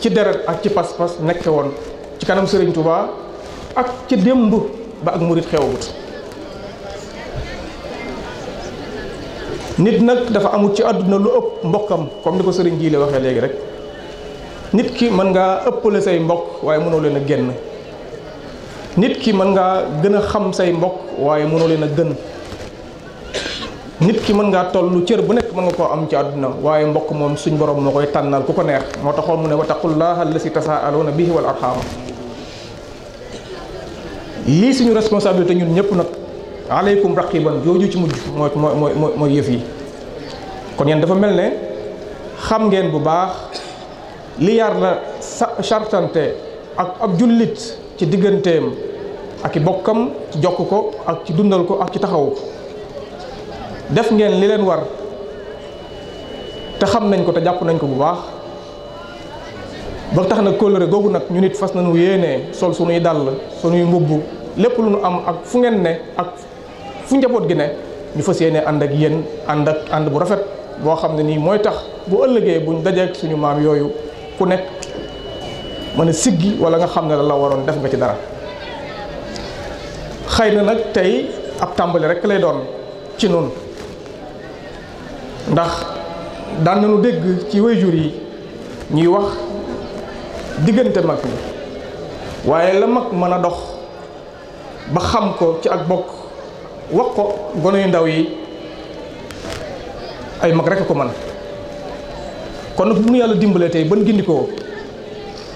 C: ci deret ak ci pas-pas nekke woon ci kanam sëriñ Touba ak ci démb ba ak murit xewwut nit nag dafa amul ci àdduna lu ëpp mbokkam comme ni ko sëriñ jiile waxee léegi rek nit ki mën ngaa ëppale say mbokk waaye mënoo leen a génn nit ki mën ngaa gën a xam say mbokk waaye mënoo leen a gën nit ki mën ngaa toll cër bu nekk mën nga koo am ci àdduna waaye mbokk moom suñ borom moo koy tànnal ku ko neex moo taxoon mu ne si allasi tasaaluuna bi wal arxaama lii suñu responsabilité ñun ñëpp nag aleykum raqiban jooju ci mujj mooy mooy mooy mooy yëf yi kon yéen dafa mel ne xam ngeen bu baax li yar la sa chartante ak ab jullit ci digganteem ak i bokkam ci jokk ko ak ci dundal ko ak ci taxaw def ngeen li leen war te xam nañ ko te jàpp nañ ko bu baax ba tax na kóllëre googu nag ñu nit fas na nañu yéenee sol sunuy dàll sunuy mbubb lépp lu nu am ak fu ngeen ne ak fu njaboot gi ne ñu fa yéene ànd ak yéen ànd ak ànd bu rafet boo xam ne nii mooy tax bu ëllëgee buñ dajeek suñu maam yooyu ku nekk mën a siggi wala nga xam ne la la waroon def nga ci dara xëy na nag tey ab tàmbali rek lay doon ci noonu ndax daan nañu dégg ci jur yi ñuy wax diggante mag ñi waaye la mag mën a dox ba xam ko ci ak bokk wax ko gone yu ndaw yi ay mag rekk ko man kon nag mu yàlla dimbalee tey ban gindikoo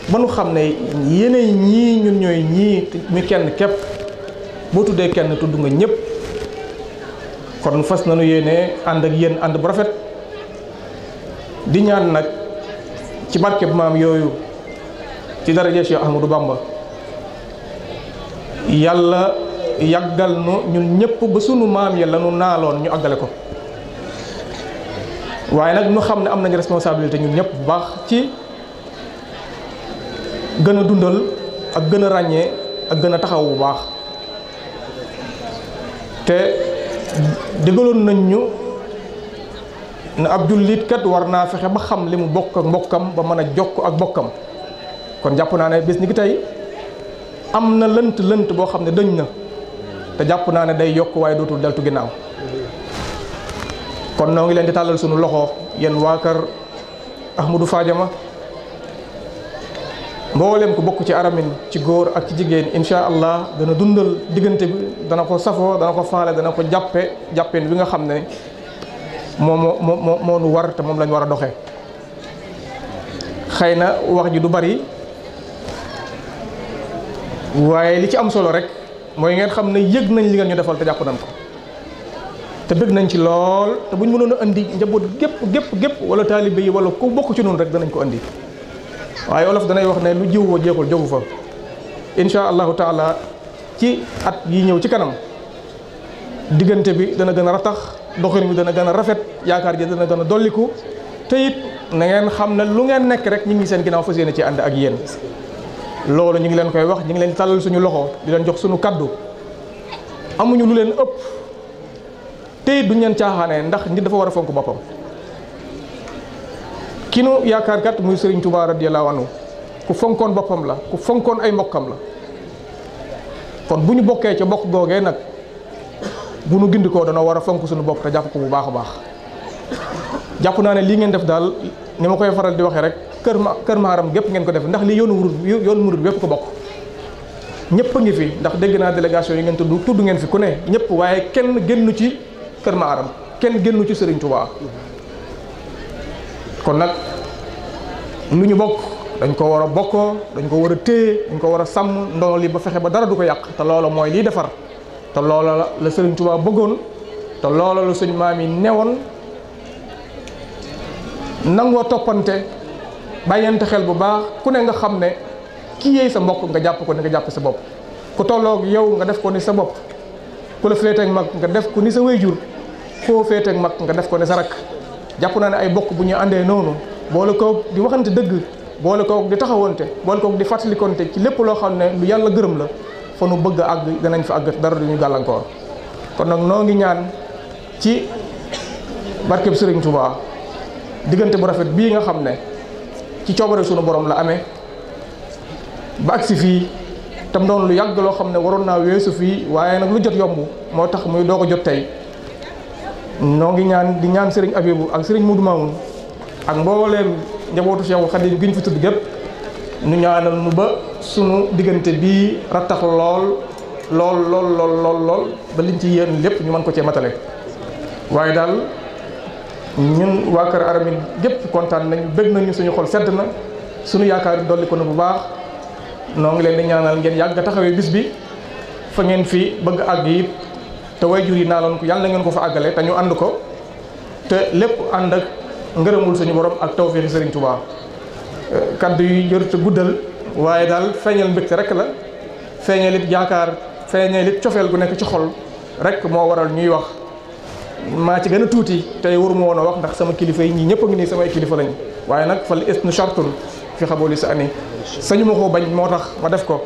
C: ba nu xam ne yeneen ñii ñun ñooy ñii mi kenn képp boo tuddee kenn tudd nga ñëpp kon fas nañu yéene ànd ak yéen ànd bu rafet di ñaan nag ci barkeb maam yooyu ci daraja Cheikh Ahmadou Bamba yàlla yàggal nu ñun ñëpp ba sunu maam ya lanu naaloon ñu àggale ko waaye nag ñu xam ne am nañu responsabilité ñun ñëpp bu baax ci gën a dundal ak gën a ràññee ak gën a taxaw bu baax te digaloon nañ ñu ne ab jullit kat war naa fexe ba xam li mu bokk ak mbokkam ba mën a jokk ak bokkam kon jàpp naa ne bés ni ki tey am na lënt lënt boo xam ne dëñ na te jàpp naa ne day yokk waaye dootul deltu ginnaaw kon noo ngi leen di tàllal sunu loxo yéen waa kër Ahmadou Fadiama mboolem ku bokk ci aramin ci góor ak ci jigéen incha allah dana dundal diggante bi dana ko safoo dana ko faale dana ko jàppe jàppeen bi nga xam ne moom moo moo moo nu war te moom lañu war a doxe xëy na wax ji du bari waaye li ci am solo rek. mooy ngeen xam ne yëg nañ li ngeen ñu defal te jàpp nañ ko te bëgg nañ ci lool te bu ñu mënoon a indi njaboot gépp gépp gépp wala taalibe yi wala ku bokk ci noonu rek danañ ko indi waaye olof danay wax ne lu jiw wa jeexul jogu fa incha allahu taala ci at yi ñëw ci kanam diggante bi dana gën a ratax doxin bi dana gën a rafet yaakaar ji dana gën a dolliku te it na ngeen xam ne lu ngeen nekk rek ñu ngi seen ginnaaw fas yéene ci ànd ak yéen loolu ñu ngi leen koy wax ñu ngi leen tàllal suñu loxo di leen jox suñu kàddu amuñu lu leen ëpp tey duñ leen caaxaanee ndax nit dafa war a fonk boppam ki nu yaakaar kat muy Serigne di radiyallahu wanu ku fonkoon boppam la ku fonkoon ay mbokkam la kon bu ñu bokkee ca bokk googee nag bu nu gindikoo danoo war a fonk suñu bopp te jàpp ko bu baax a baax jàpp naa ne lii ngeen def daal ñu ma koy faral di waxee rek. kër ma kër maaram gépp ngeen ko def ndax lii yoonu murid yoonu murid bépp ko bokk ñëpp a ngi fi ndax dégg naa délégation yi ngeen tudd tudd ngeen fi ku ne ñëpp waaye kenn génnu ci kër maaram kenn génnu ci Serigne Touba kon nag lu ñu bokk dañ ko war a bokkoo dañ ko war a téye dañ ko war a sàmm ndono li ba fexe ba dara du ko yàq te loola mooy liy defar te loola la la Serigne Touba bëggoon te loola la suñ maam yi newoon nangoo toppante bàyyante xel bu baax ku ne nga xam ne kii yey sa mbokk nga jàpp ko ni nga jàpp sa bopp ku tolloog yow nga def ko ni sa bopp ku la féeteeg mag nga def ko ni sa wayjur koo féeteeg mag nga def ko ni sa rakk jàpp naa ne ay bokk bu ñu àndee noonu boole koog di waxante dëgg boole koog di taxawante boole koog di fàttalikonte ci lépp loo xam ne lu yàlla gërëm la fa nu bëgg a àgg danañ fa àgg dara duñu gàllankoor kon nag noo ngi ñaan ci barkeb Sëriñ Tuubaa diggante bu rafet bii nga xam ne ci coobare sunu borom la amee ba agsi fii tam doon lu yàgg loo xam ne waroon naa weesu fii waaye nag lu jot yomb moo tax muy doo ko jot tey noo ngi ñaan di ñaan sëriñ Abibu ak sëriñ Mudu Maamun ak mbooleem njabootu Seexul Xadiim gi ñu fi tudd gépp nu ñaanal nu ba sunu diggante bii rattax lool lool lool lool lool lool ba liñ ci yéen lépp ñu mën ko cee matale waaye daal ñun waa kër Aramine gépp kontaan nañ bëgg nañu suñu xol sedd na suñu yaakaar dolli ko na bu baax noo ngi leen di ñaanal ngeen yàgg taxawee bis bi fa ngeen fi bëgg àgg yi te wayjur yi naaloon ko yàlla ngeen ko fa àggale te ñu ànd ko te lépp ànd ak ngërëmul suñu borom ak tawféexi Serigne Touba euh, kaddu yu jërut guddal waaye daal feeñal mbégte rek la feeñal it yaakaar feeñal it cofeel bu nekk ci xol rek moo waral ñuy wax maa ci gën a tuuti tey waruma woon a wax ndax sama kilifa yi ñii ñëpp a ngi nii samay kilifa lañ waaye nag fal isnu chartun fi xabooli sa ani sañu koo bañ moo tax ma def ko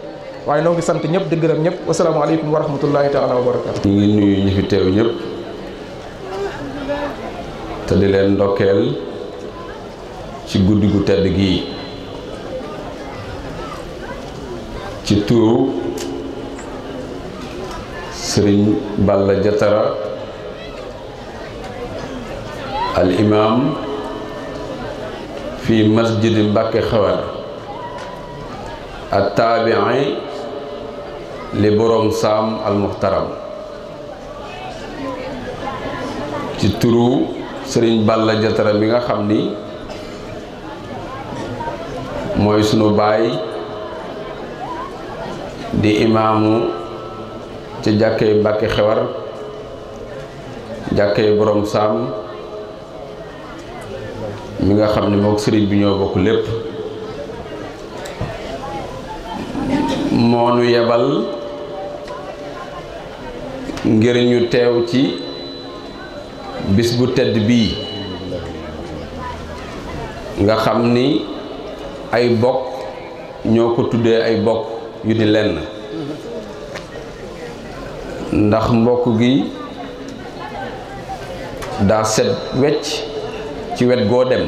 C: waaye noo ngi sant ñëpp di gërëm ñëpp wasalaamaaleykum wa rahmatullahi taala wa barakatu
D: ñu ngi nuyu ñi fi teew ñëpp te di leen ndokkeel ci guddi gu tedd gii ci turu Sëriñ Balla Jatara al imaam fi masjidi Mbàkke xewar al taabii li boroom saam al muxtaram ci turu sëriñ Balla Jatara bi nga xam ni mooy sunu baay di imaamu ci jàkkee Mbàkke xewar jàkkee boroom saam mi nga xam ne mook sëriñ bi ñoo bokk lépp moo nu yebal ngir ñu teew ci bis bu tedd bii nga xam ni ay bokk ñoo ko tuddee ay bokk yu di lenn ndax mbokk gi daa set wecc ci wet goo dem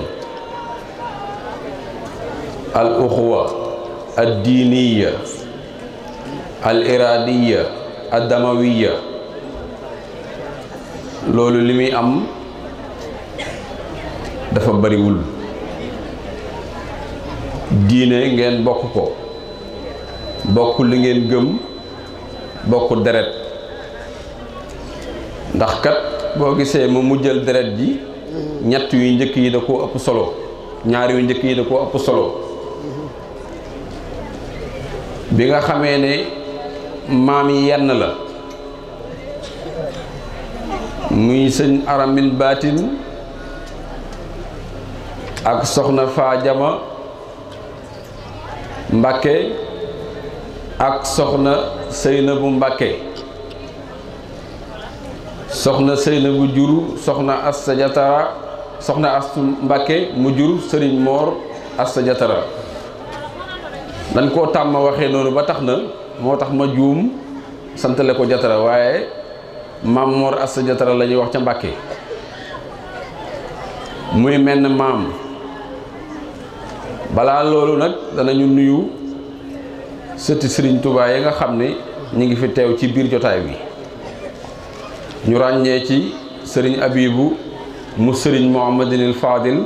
D: al uxuwa ad diiniya damawiya loolu li muy am dafa bariwul diine ngeen bokk ko bokk li ngeen gëm bokk deret ndax kat boo gisee ma jël deret ji ñett yu njëkk yi da koo ëpp solo ñaar yu njëkk yi da koo ëpp solo bi nga xamee ne maam yi yenn la muy sëñ aramin baatin ak soxna faajama mbàkke ak soxna sëynabu mbàkke soxna Seyna mu jur soxna Asta Jatara soxna Astu Mbàkke mu jur sëriñ Moor Asta Jatara dañ koo tàmm waxee noonu ba tax na moo tax ma juum santale ko Jatara waaye maam Moor Asta Jatara la ñuy wax ca Mbàkke muy menn maam balaa loolu nag ñu nuyu seti sëriñ Tuubaa yi nga xam ne ñu ngi fi teew ci biir jotaay bi ñu ràññee ci sëriñ abibu mu sëriñ mohamadinil fadil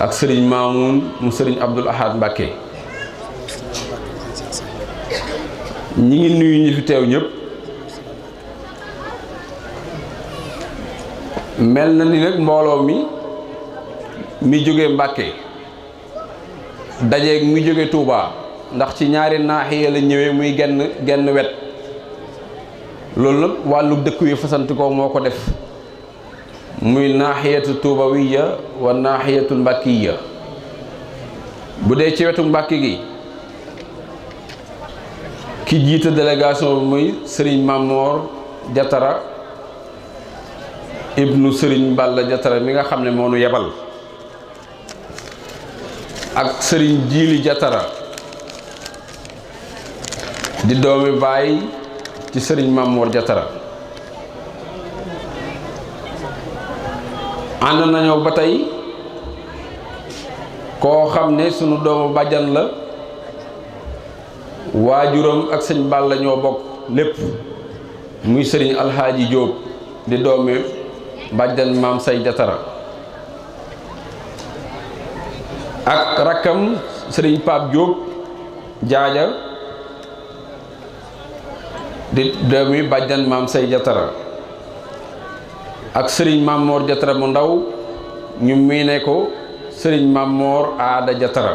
D: ak sëriñ maamun mu sëriñ abdul ahad mbàkke ñi ngi nuyu ñi fi teew ñëpp mel na ni nag mbooloo mi mi jóge mbàkke dajeeg mi jóge tuubaa ndax ci ñaari naax naaxiya la ñëwee muy genn genn wet loolu nag wàllu dëkk wi fasantikoo moo ko def muy naaxiyatu tuubawiya wa naaxiyatu ya bu dee ci wetu mbàkki gi ki jiite délégation bi muy sëriñ Mamor Jatara ibnu sëriñ Balla Jatara mi nga xam ne moo yebal ak sëriñ Jiili Jatara di doomi baay ci sëriñ Mamoor Jatara ànd nañu ba tey koo xam ne sunu doomu bàjjan la waajuram ak sëñ Balla ñoo bokk lépp muy sëriñ Alxaaji Jóob di doomi bàjjan maam say Jatara ak rakkam sëriñ Paap Jóob jaaja di doomi bàjjan maam say jatara ak sëriñ maam jatara mu ndaw ñu miine ko sëriñ maam moor aada jatara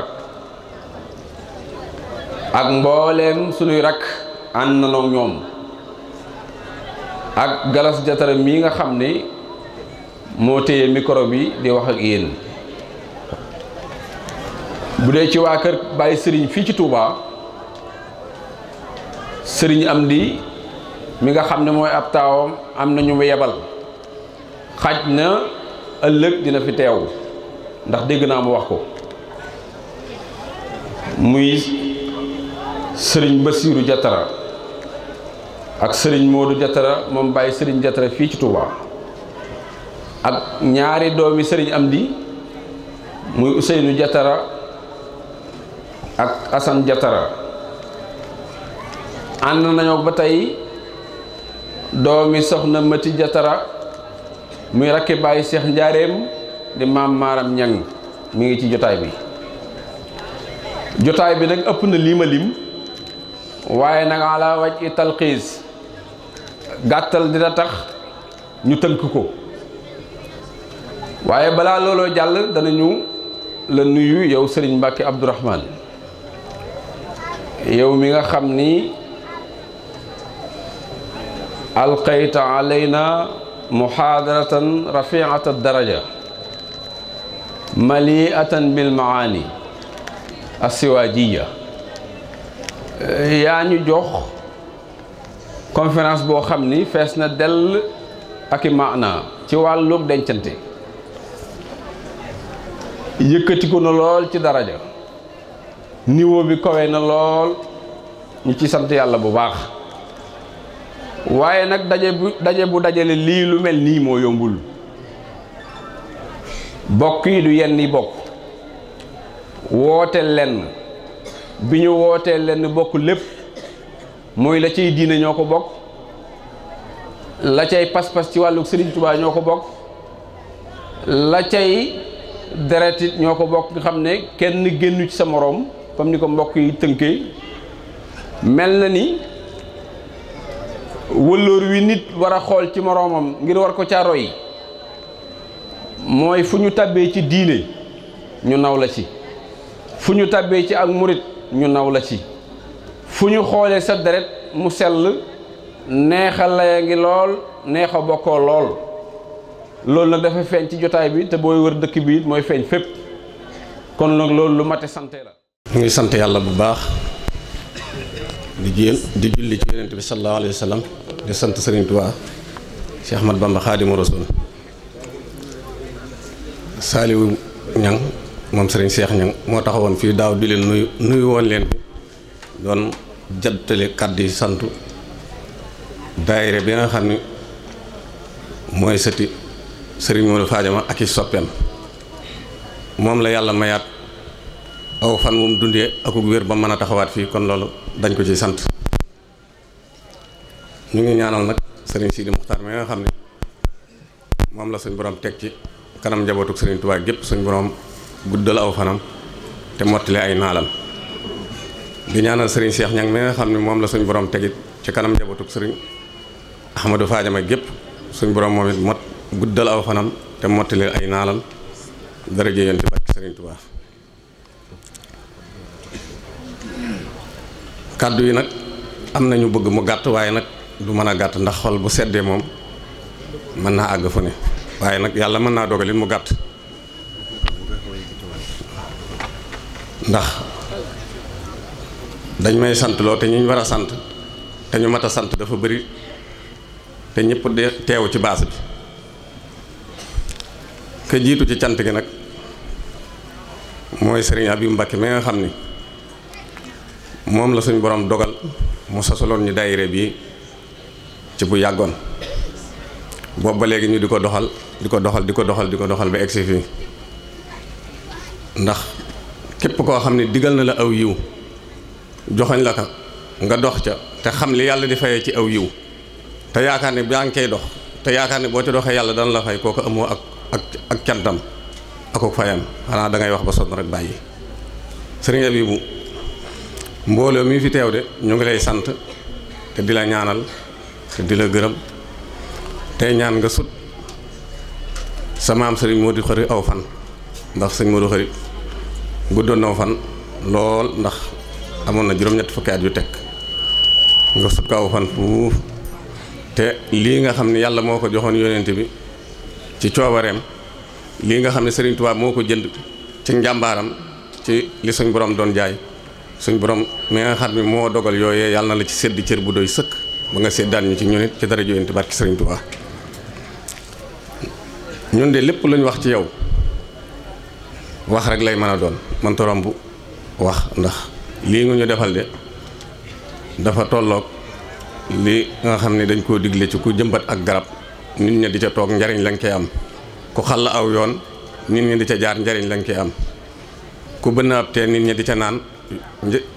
D: ak mbooleem sunuy rakk ànd na ñoom ak galas jatara mii nga xam ni moo téye micro bi di wax ak yéen bu dee ci waa kër bàyyi sëriñ fii ci tuubaa sëriñ am di mi nga xam ne mooy ab taawam am na ñu yebal xaj na ëllëg dina fi teew ndax dégg naa mu wax ko muy sëriñ Basiiru Jatara ak sëriñ Moodu Jatara moom bàyyi sëriñ Jatara fii ci Touba ak ñaari doomi sëriñ Amdi muy Ousseynou Jatara ak Assane Jatara ànd nañu ba tey doomi soxna Mati Jatara muy rakki bàyyi seex njaareem di maam maaram ñang mi ngi ci jotaay bi jotaay bi nag ëpp na liima lim waaye nag ala waj i talxiis gàttal dina tax ñu tënk ko waaye balaa looloo jàll danañu la nuyu yow sëriñ Mbacke Abdourahmane yow mi nga xam ni alqayta alayna muxaadaratan rafiata daraja maliatan bilmaani asiwaajiya yaa ñu jox conférence boo xam ni fees na dell ak i ci wàllum dencante yëkkatiku na lool ci daraja niveau bi kawe na lool ñu ci sant yàlla bu baax waaye nag daje bu daje bu dajale lii lu mel nii moo yombul bokk yi du yenn yi bokk woote lenn bi ñu wootee lenn bokk lépp mooy la ciy diine ñoo ko bokk la cay pas-pas ci wàllu Sëriñ Tuubaa ñoo ko bokk la cay deretit ñoo ko bokk nga xam ne kenn génnu ci sa moroom comme ni ko mbokk yi tënkee mel na ni wëlloor wi nit war a xool ci moroomam ngir war ko ca roy mooy fu ñu tabbee ci diine ñu naw la ci fu ñu tabbee ci ak murit ñu naw la ci fu ñu xoolee sa deret mu sell neexa laya ngi lool neexa bokkoo lool loolu nag dafa feeñ ci jotaay bi te booy wër dëkk bi mooy feeñ fépp kon nag loolu lu mate sante
E: la sant yàlla bu baax di jéem di julli ci yonent bi sallallahu alayhi wa di sant Serigne Touba Cheikh Ahmad Bamba Xaadimu sol Saaliwu Ñang moom Serigne Cheikh Ñang moo taxawoon fii daaw di leen nuyu nuyu woon leen bi doon jattale kàddu yi sant daayira bi nga xam ni mooy sëti Serigne Modou xaajama ak i soppeem moom la yàlla mayaat. aw fan wu mu dundee ak wér ba mën a taxawaat fii kon loolu dañ ko ciy sant ñu ngi ñaanal nag sëriñ Sidi Muxtaar mi nga xam ne moom la suñ borom teg ci kanam njabootuk sëriñ Tuubaa gépp suñ borom guddal aw fanam te mottali ay naalam di ñaanal sëriñ Cheikh Ñang mi nga xam ne moom la suñ borom tegit ci kanam njabootuk sëriñ Ahmadou Fadiama gépp suñ borom moom it mot guddal aw fanam te mottali ay naalam dara jëyeen ci barke sëriñ Tuubaa kàddu yi nag am na ñu bëgg mu gàtt waaye nag du mën a gàtt ndax xol bu seddee moom mën naa àgg fu ne waaye nag yàlla mën naa dogalin mu gàtt ndax dañ may sant loo te ñu war a sant te ñu mat a sant dafa bari te ñëpp de ci baas bi ka jiitu ci cant gi nag mooy Serigne Abib Mbacke mi nga xam ni moom la suñu borom dogal mu sosaloon ñu daayira bi ci bu yàggoon boobu ba léegi ñu di ko doxal di ko doxal di ko doxal di ko doxal ba egsi fii ndax képp koo xam ne digal na la aw yiw joxoñ la ko nga dox ca te xam li yàlla di fayee ci aw yiw te yaakaar ne baa ngi koy dox te yaakaar ne boo ci doxee yàlla dana la fay kooku amoo ak ak ak cantam ak xanaa da ngay wax ba sonn rek bàyyi sëriñ Abibu mbooloo mi fi teew de ñu ngi lay sant te di la ñaanal te di la gërëm tey ñaan nga sut sama am sëriñ moo di Khari aw fan ndax sëñ Modou Khari guddoon na aw fan lool ndax amoon na juróom-ñett fukki at yu teg nga sut ko aw fan fuuf te lii nga xam ne yàlla moo ko joxoon yonent bi ci coobareem lii nga xam ne sëriñ Tuubaa moo ko jënd ci njàmbaaram ci li suñ borom doon jaay suñ borom mi nga xam ne moo dogal yooyee yàlla na la ci sedd cër bu doy sëkk ba nga seddaan ñu ci ñun it ci dara joyante barki sëriñ Tuubaa ñun de lépp lu wax ci yow wax rek lay mën a doon man toromb wax ndax lii nga ñu defal de dafa tolloog lii nga xam ne dañ koo digle ci ku jëmbat ak garab nit ña di ca toog njariñ lañ koy am ku xàll aw yoon nit ñi di ca jaar njariñ lañ koy am ku bënn ab teen nit ñi di ca naan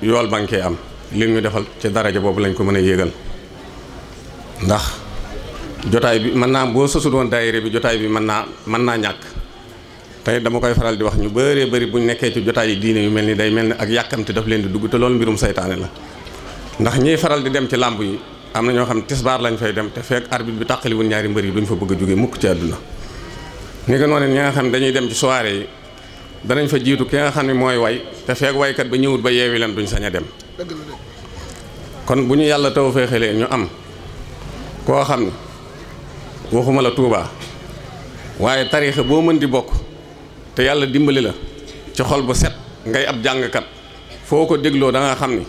E: yool banque am lim ñu defal ci daraja boobu lañ ko mën a yéegal ndax jotaay bi mën naa boo sosut woon daayira bi jotaay bi mën naa mën naa ñàkk tey dama koy faral di wax ñu bëree bëri buñ nekkee ci jotaay yi diine yu mel ni day mel ni ak yàkkamti daf leen di dugg te loolu mbirum seytaane la ndax ñiy faral di dem ci làmb yi am na ñoo xam tisbaar lañ fay dem te fekk arbitre bi tàqali ñaari mbër yi duñ fa bëgg a jóge mukk ci àdduna ni noonu ñi nga xam dañuy dem ci soirée yi danañ fa jiitu ki nga xam ne mooy way te feeg waykat ba ñëwut ba yeewi leen duñu sañ a dem kon bu ñu yàlla taw feexalee ñu am koo xam ne waxuma la tuubaa waaye tariixa boo mën di bokk te yàlla dimbali la ci xol bu set ngay ab jàngkat foo ko dégloo danga xam ni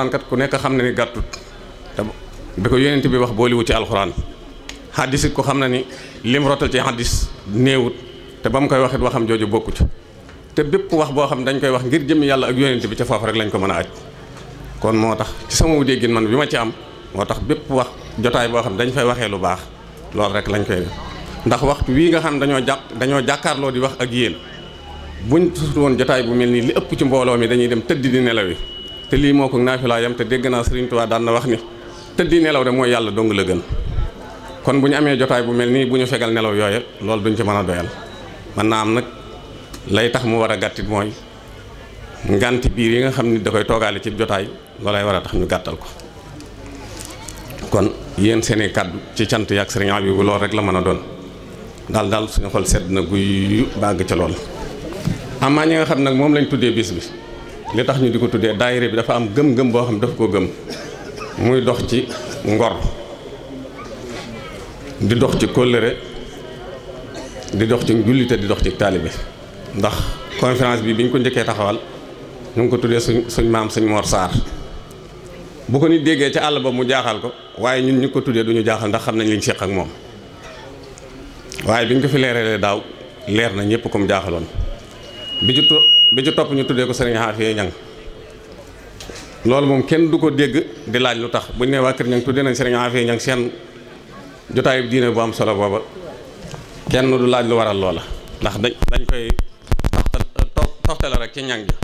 E: alxuraan kat ku nekk xam na ni gàttut te bi ko yonent bi wax booliwu ci alxuraan xaddis it ku xam na ni lim rotal ci xaddis néewut te ba mu koy waxit waxam jooju bokku ci te bépp wax boo xam dañ koy wax ngir jëmmi yàlla ak yonent bi ca foofu rek lañ ko mën a kon moo tax ci sama déggin man bi ma ci am moo tax bépp wax jotaay boo xam dañ fay waxee lu baax loolu rek lañ koy ndax waxtu wii nga xam dañoo jàq dañoo jàkkaarloo di wax ak yéen buñ tusutu woon jotaay bu mel nii li ëpp ci mbooloo mi dañuy dem tëdd di nelaw yi te lii moo ko naafilaa yam te dégg naa Sëriñ Tuubaa daan na wax ni tëddi nelaw de mooy yàlla dong la gën kon bu ñu amee jotaay bu mel nii bu ñu fegal nelaw yooye loolu duñ ci mën a doyal man naa am nag lay tax mu war a gàttit mooy nganti biir yi nga xam ni da koy toogaale ci jotaay loolay war a tax ñu gàttal ko kon yéen seeni kàddu ci cant yaak Sëriñ bu lool rek la mën a doon daal daal suñu xol sedd na guy bàgg ca lool amaa ñi nga xam nag moom lañ tuddee bis li tax ñu di ko tuddee daayira bi dafa am gëm-gëm boo xam ne daf koo gëm muy dox ci ngor di dox ci kóllëre di dox ci njullite di dox ci taalibe ndax conférence bi bi ñu ko njëkkee taxawal ñu ngi ko tuddee suñ suñ maam suñ Mor Sarr bu ko nit déggee ca àll ba mu jaaxal ko waaye ñun ñu ko tuddee du ñu jaaxal ndax xam nañ liñ seq ak moom waaye bi ñu ko fi leeralee daaw leer na ñëpp mu jaaxaloon bi ci topp ñu tuddee ko sëriñ Xaafiya Ñang loolu moom kenn du ko dégg di laaj lu tax bu ñu nee waa Kër Ñang tuddee nañ sëriñ Xaafiya Ñang seen jotaayu diine bu am solo booba kenn du laaj lu waral loola ndax dañ dañ koy toxte la rek ci ñang ja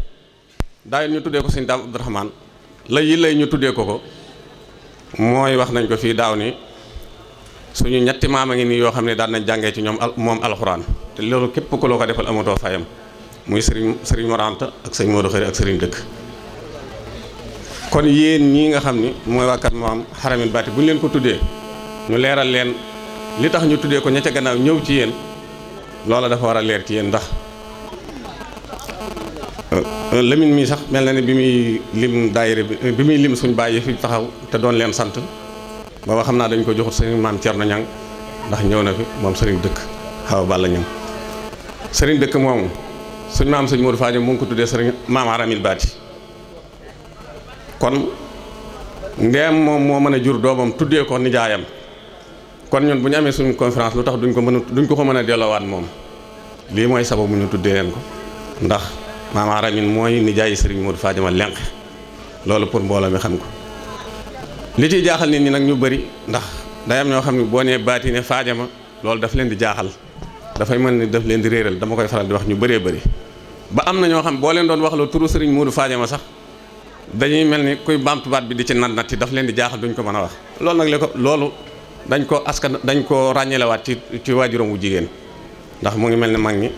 E: daay ñu tuddee ko sëñ Daam Abdourahmaan la yi ñu tuddee ko ko mooy wax nañ ko fii daaw ni suñu ñetti maam a ngi nii yoo xam ne daan nañ jàngee ci ñoom moom alxuraan te loolu képp ku loo ko defal amatoo fayam muy sëriñ sëriñ Mor Anta ak sëriñ Modou Xëri ak sëriñ dëkk kon yéen ñii nga xam ni mooy waa Kër Maam Xaramin Baati bu ñu leen ko tuddee ñu leeral leen li tax ñu tuddee ko ña ca gannaaw ñëw ci yéen loola dafa war a leer ci yéen ndax euh, euh, Lamine mii sax mel na ni bi muy lim daayira bi bi muy lim suñ bàyyi fi taxaw te doon leen sant booba xam naa dañ ko joxut sëriñ maam na Ñang ndax ñëw na fi moom sëriñ dëkk xaw bàlla ñam sëriñ dëkk moomu suñ maam sëñ Modou Fadil mu ko tuddee sëriñ maam Aramil Baati kon ndeem moom moo mën a jur doomam tuddee ko nijaayam kon ñun bu ñu amee suñu conference lu tax duñ ko mën a duñ ko ko mën a delloowaat moom lii mooy sababu ñu tuddee leen ko ndax maam Aramil mooy nijaayi sëriñ Modou Fadil ma lenq loolu pour mbooloo mi xam ko li ciy jaaxal nit ñi nag ñu bëri ndax dayam ñoo xam ne boo nee baati ne faajama loolu daf leen di jaaxal dafay mel ni daf leen di réeral dama koy faral di wax ñu bëree bëri ba am na ñoo xam boo leen doon wax lu turu sëriñ Modou Fadiama sax dañuy mel ni kuy baamtubaat bi di ci nat nat yi daf leen di jaaxal duñ ko mën a wax loolu nag la ko loolu dañ ko askan dañ ko ràññeelewaat ci ci waajuram wu jigéen ndax mu ngi mel ni mag ñi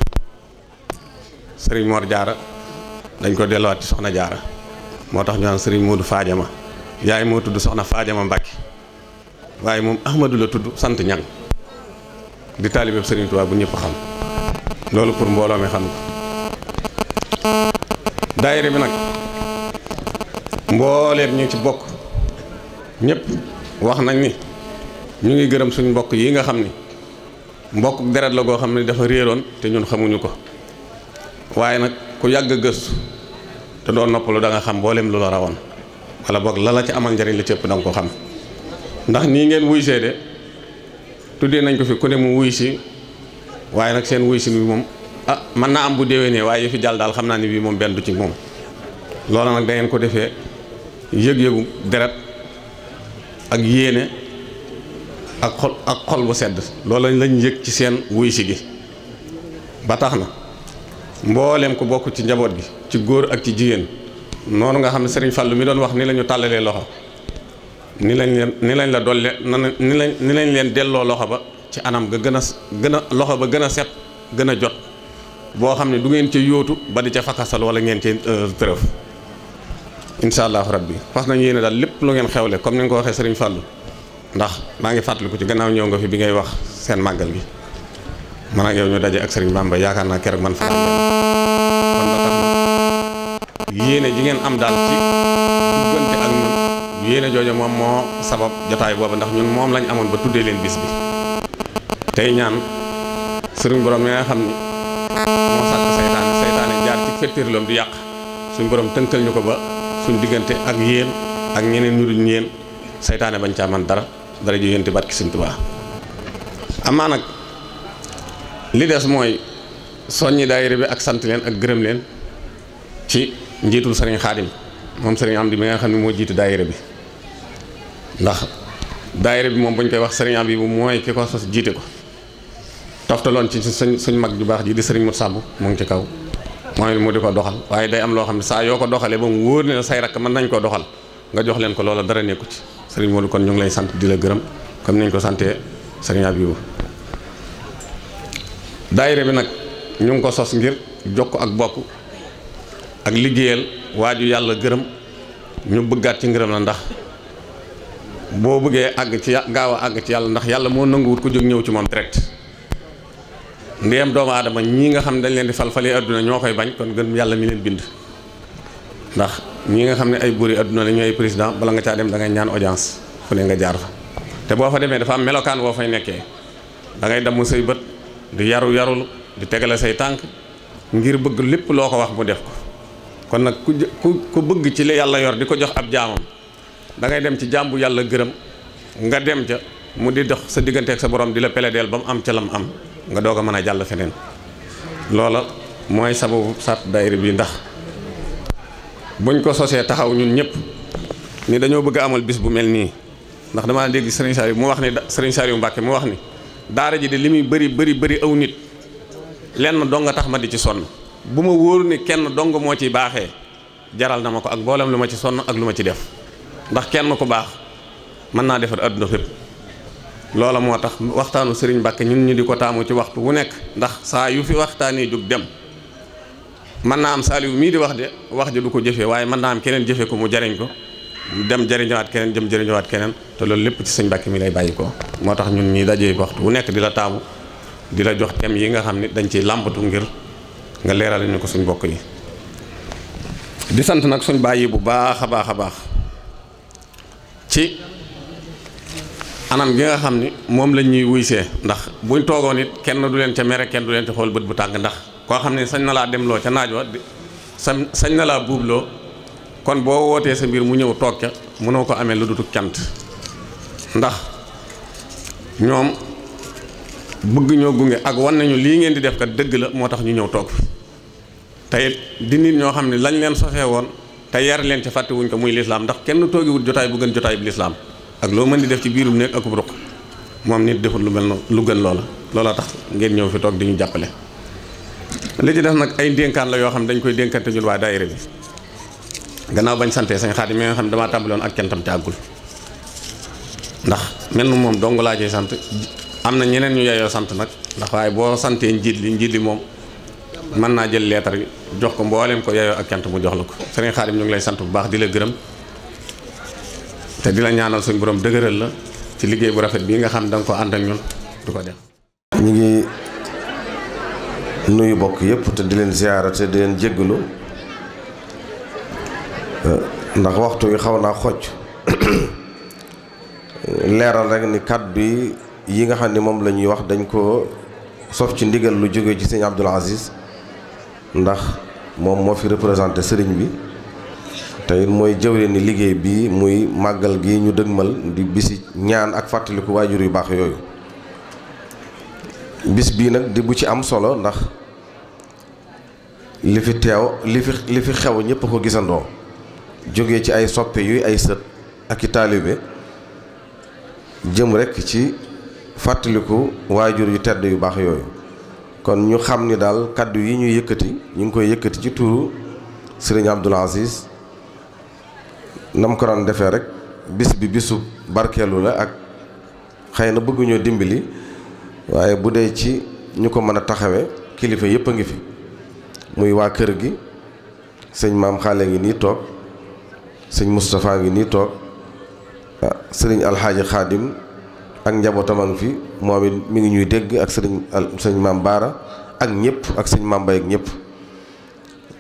E: sëriñ Mor Jaara dañ ko delluwaat ci soxna Jaara moo tax ñu naan sëriñ faaje ma yaay moo tudd soxna Fadiama Mbacke waaye moom Ahmadou la tudd sant ñang di taalibeeb Serigne Touba bu ñëpp xam loolu pour mbooloo mi xam ko daayira bi nag mbooleem ñu ci bokk ñëpp wax nañ ni ñu ngi gërëm suñ mbokk yi nga xam ni mbokk deret la goo xam ne dafa réeroon te ñun xamuñu ko waaye nag ku yàgg gëstu te doo noppalu da xam mbooleem lu la rawoon wala boog la la ci amal njariñ la cépp da nga ko xam ndax nii ngeen wuy seede tuddee nañ ko fi ku ne mu wuy si waaye nag seen wuy si bi moom ah mën naa am bu déwénee waaye yu fi jàll daal xam naa ni bi moom benn du ci moom loola nag da ko defee yëg-yëgu deret ak yéene ak xol ak xol bu sedd loola lañ yëg ci seen wuy si gi ba tax na mbooleem ko bokk ci njaboot gi ci góor ak ci jigéen noonu nga xam ne Serigne Fallou mi doon wax ni la ñu tàllalee loxo ni lañ leen ni lañ la dool dolle ni lañ ni lañ leen delloo loxo ba ci anam ga gën a gën a loxo ba gën a set gën a jot boo xam ne du ngeen ca yootu ba di ca fakasal wala ngeen ca euh, tërëf incha allahu rabbi fas nañ yéene daal lépp lu ngeen xewle comme ni nga ko waxee sëriñ Fallou ndax maa ngi fàttaliku ci gannaaw ñëw nga fi bi ngay wax seen màggal bi man a yow ñu daje ak sëriñ Bamba yaakaar naa keroog man fanaan yéene ji ngeen am daal ci yéene jooju moom moo sabab jotaay boobu ndax ñun moom lañ amoon ba tuddee leen bis bi tey ñaan sëriñ borom mi nga xam ni moo sàkk saytaane saytaane jaar ci fettirloom bi yàq suñ boroom tënkal ñu ko ba suñ diggante ak yéen ak ñeneen ñu duñ yéen saytaane bañ caa man dara dara ju yéen ti barki baa Tuubaa amaa nag li des mooy soññi daayira bi ak sant leen ak gërëm leen ci njiitul sëriñ Xaadim moom sëriñ di mi nga xam ne moo jiitu daayira bi ndax daayira bi moom bu ñu koy wax sëriñ bi bu mooy ki ko sos jiite ko toftaloon ci suñ suñ mag ju baax ji di sëriñ Mut Sàmb mu ngi ci kaw mooy mu di ko doxal waaye day am loo xam ne saa yoo ko doxalee ba mu wóor ne say rakk mën nañ ko doxal nga jox leen ko loola dara nekku ci sëriñ Modou kon ñu ngi lay sant di la gërëm comme nañ ko santee sëriñ Abibou daayira bi nag ñu ngi ko sos ngir ko ak bokk ak liggéeyal waa ju yàlla gërëm ñu bëggaat ci ngërëm la ndax boo bëggee àgg ci gaaw a àgg ci yàlla ndax yàlla moo nanguwut ku jóg ñëw ci moom direct ndéem doomu aadama ñii nga xam ne dañ leen di falfalee adduna ñoo koy bañ kon gën yàlla mi leen bind ndax ñii nga xam ne ay buuri adduna la ñooy président bala nga caa dem dangay ñaan audience fu ne nga jaar fa te boo fa demee dafa am melokaan boo fay nekkee da ngay damm say bët di yaru yarul di tegale say tànk ngir bëgg lépp loo ko wax mu def ko kon nag ku ku bëgg ci li yàlla yor di ko jox ab jaamam dangay dem ci jaam bu yàlla gërëm nga dem ja mu di dox sa digganteeg sa borom di la peledeel ba mu am ca lam am nga doog ko mën a jàll feneen loola mooy sababu sart daayira bi ndax buñ ko sosee taxaw ñun ñëpp ni dañoo bëgg a amal bis bu mel nii ndax damaa dégg sëriñ Saliou mu wax ni sëriñ yu Mbacke mu wax ni daara ji de li muy bëri bëri bëri aw nit lenn dong nga tax ma di ci sonn bu ma wóor ni kenn dong moo ci baaxee jaral na ma ko ak mboolem lu ma ci sonn ak lu ma ci def ndax kenn ko baax mën naa defar adduna fépp loola moo tax waxtaanu Serigne Mbacke ñun ñu di ko taamu ci waxtu wu nekk ndax saa yu fi waxtaanee jóg dem mën naa am Saliou mii di wax de wax ji du ko jëfee waaye mën naa am keneen jëfee ko mu jariñ ko dem jëriñowaat keneen dem jëriñowaat keneen te loolu lépp ci suñ Mbacke mi lay bàyyi ko moo tax ñun ñuy dajee waxtu wu nekk di la taamu di la jox thème yi nga xam ni dañ ciy làmbatu ngir nga leeral ñu ko suñ bokk yi di sant nag suñ bàyyi bu baax a baax a baax ci anam gi nga xam ni moom lañ ñuy wuysee ndax buñ toogoon it kenn du leen ca mere kenn du leen ca xool bët bu tàgg ndax koo xam ne sañ na laa demloo ca naaj wa sañ na laa buubloo kon boo wootee sa mbir mu ñëw toog ca mënoo ko amee lu dutu cant ndax ñoom bëgg ñoo gunge ak wan nañu lii ngeen di def kat dëgg la moo tax ñu ñëw toog fi te it ñoo xam ne lañ leen sosee woon te yar leen ca fàtte wuñ ko muy lislaam ndax kenn toogiwut jotaay bu gën jotaay bi lislaam ak loo mën di def ci biirum nekk akub ruq moom nit defut lu mel noonu lu gën lool loola loola tax ngeen ñëw fi toog di ñu jàppale li ci def nag ay dénkaan la yoo xam dañ koy dénkante ñun waa daayira bi gannaaw bañ santee sañ xaati mi nga xam damaa tàmbaloon ak cantam te àggul ndax mel moom dong laa sant am na ñeneen ñu yaayoo sant nag ndax waaye boo santee njiit li njiit li moom mën naa jël leetar bi jox ko mbooleem ko yaayoo ak cant mu jox la ko sëriñ Xaadim ñu ngi lay sant bu baax di la gërëm te di la ñaanal suñu borom dëgëral la ci liggéey bu rafet bii nga xam ne nga ko ànd ak ñun
F: du ko def. ñu ngi nuyu bokk yëpp te di leen ziyaara te di leen jéggalu eh, ndax waxtu wi xaw naa xoj leeral rek ni kat bi yi nga xam ne moom la ñuy wax dañ ko sof ci ndigal lu jóge ci sëñ Abdul Aziz ndax moom moo fi représenté sëriñ bi tey mooy jëwre ni liggéey bi muy màggal gi ñu dëgmal di bisi ñaan ak fàttaliku waajur yu baax yooyu bis bii nag di bu ci am solo ndax li fi teew li fi li fi xew ñépp ko gisandoo jóge ci ay soppe yuy ay sët ak i taalibe jëm rekk ci fàttaliku waajur yu tedd yu baax yooyu kon ñu xam ni daal kàddu yi ñu yëkkati ñu ngi koy yëkkati ci turu sëriñ Abdoul Aziz nam ko doon defee rek bis bi bisu barkeelu la ak xëy na bëgguñoo dimbali waaye bu dee ci ñu ko mën a taxawee kilifa yëpp a ngi fi muy waa kër gi sëñ maam xaale ngi nii toog sëñ Moustapha ngi nii toog ah, sëriñ Alxaaji Xaadim ak njabootam a ngi fi moom it mi ngi ñuy dégg ak sëriñ sëñ maam Baara ak ñépp ak sëñ maam Bay ak ñëpp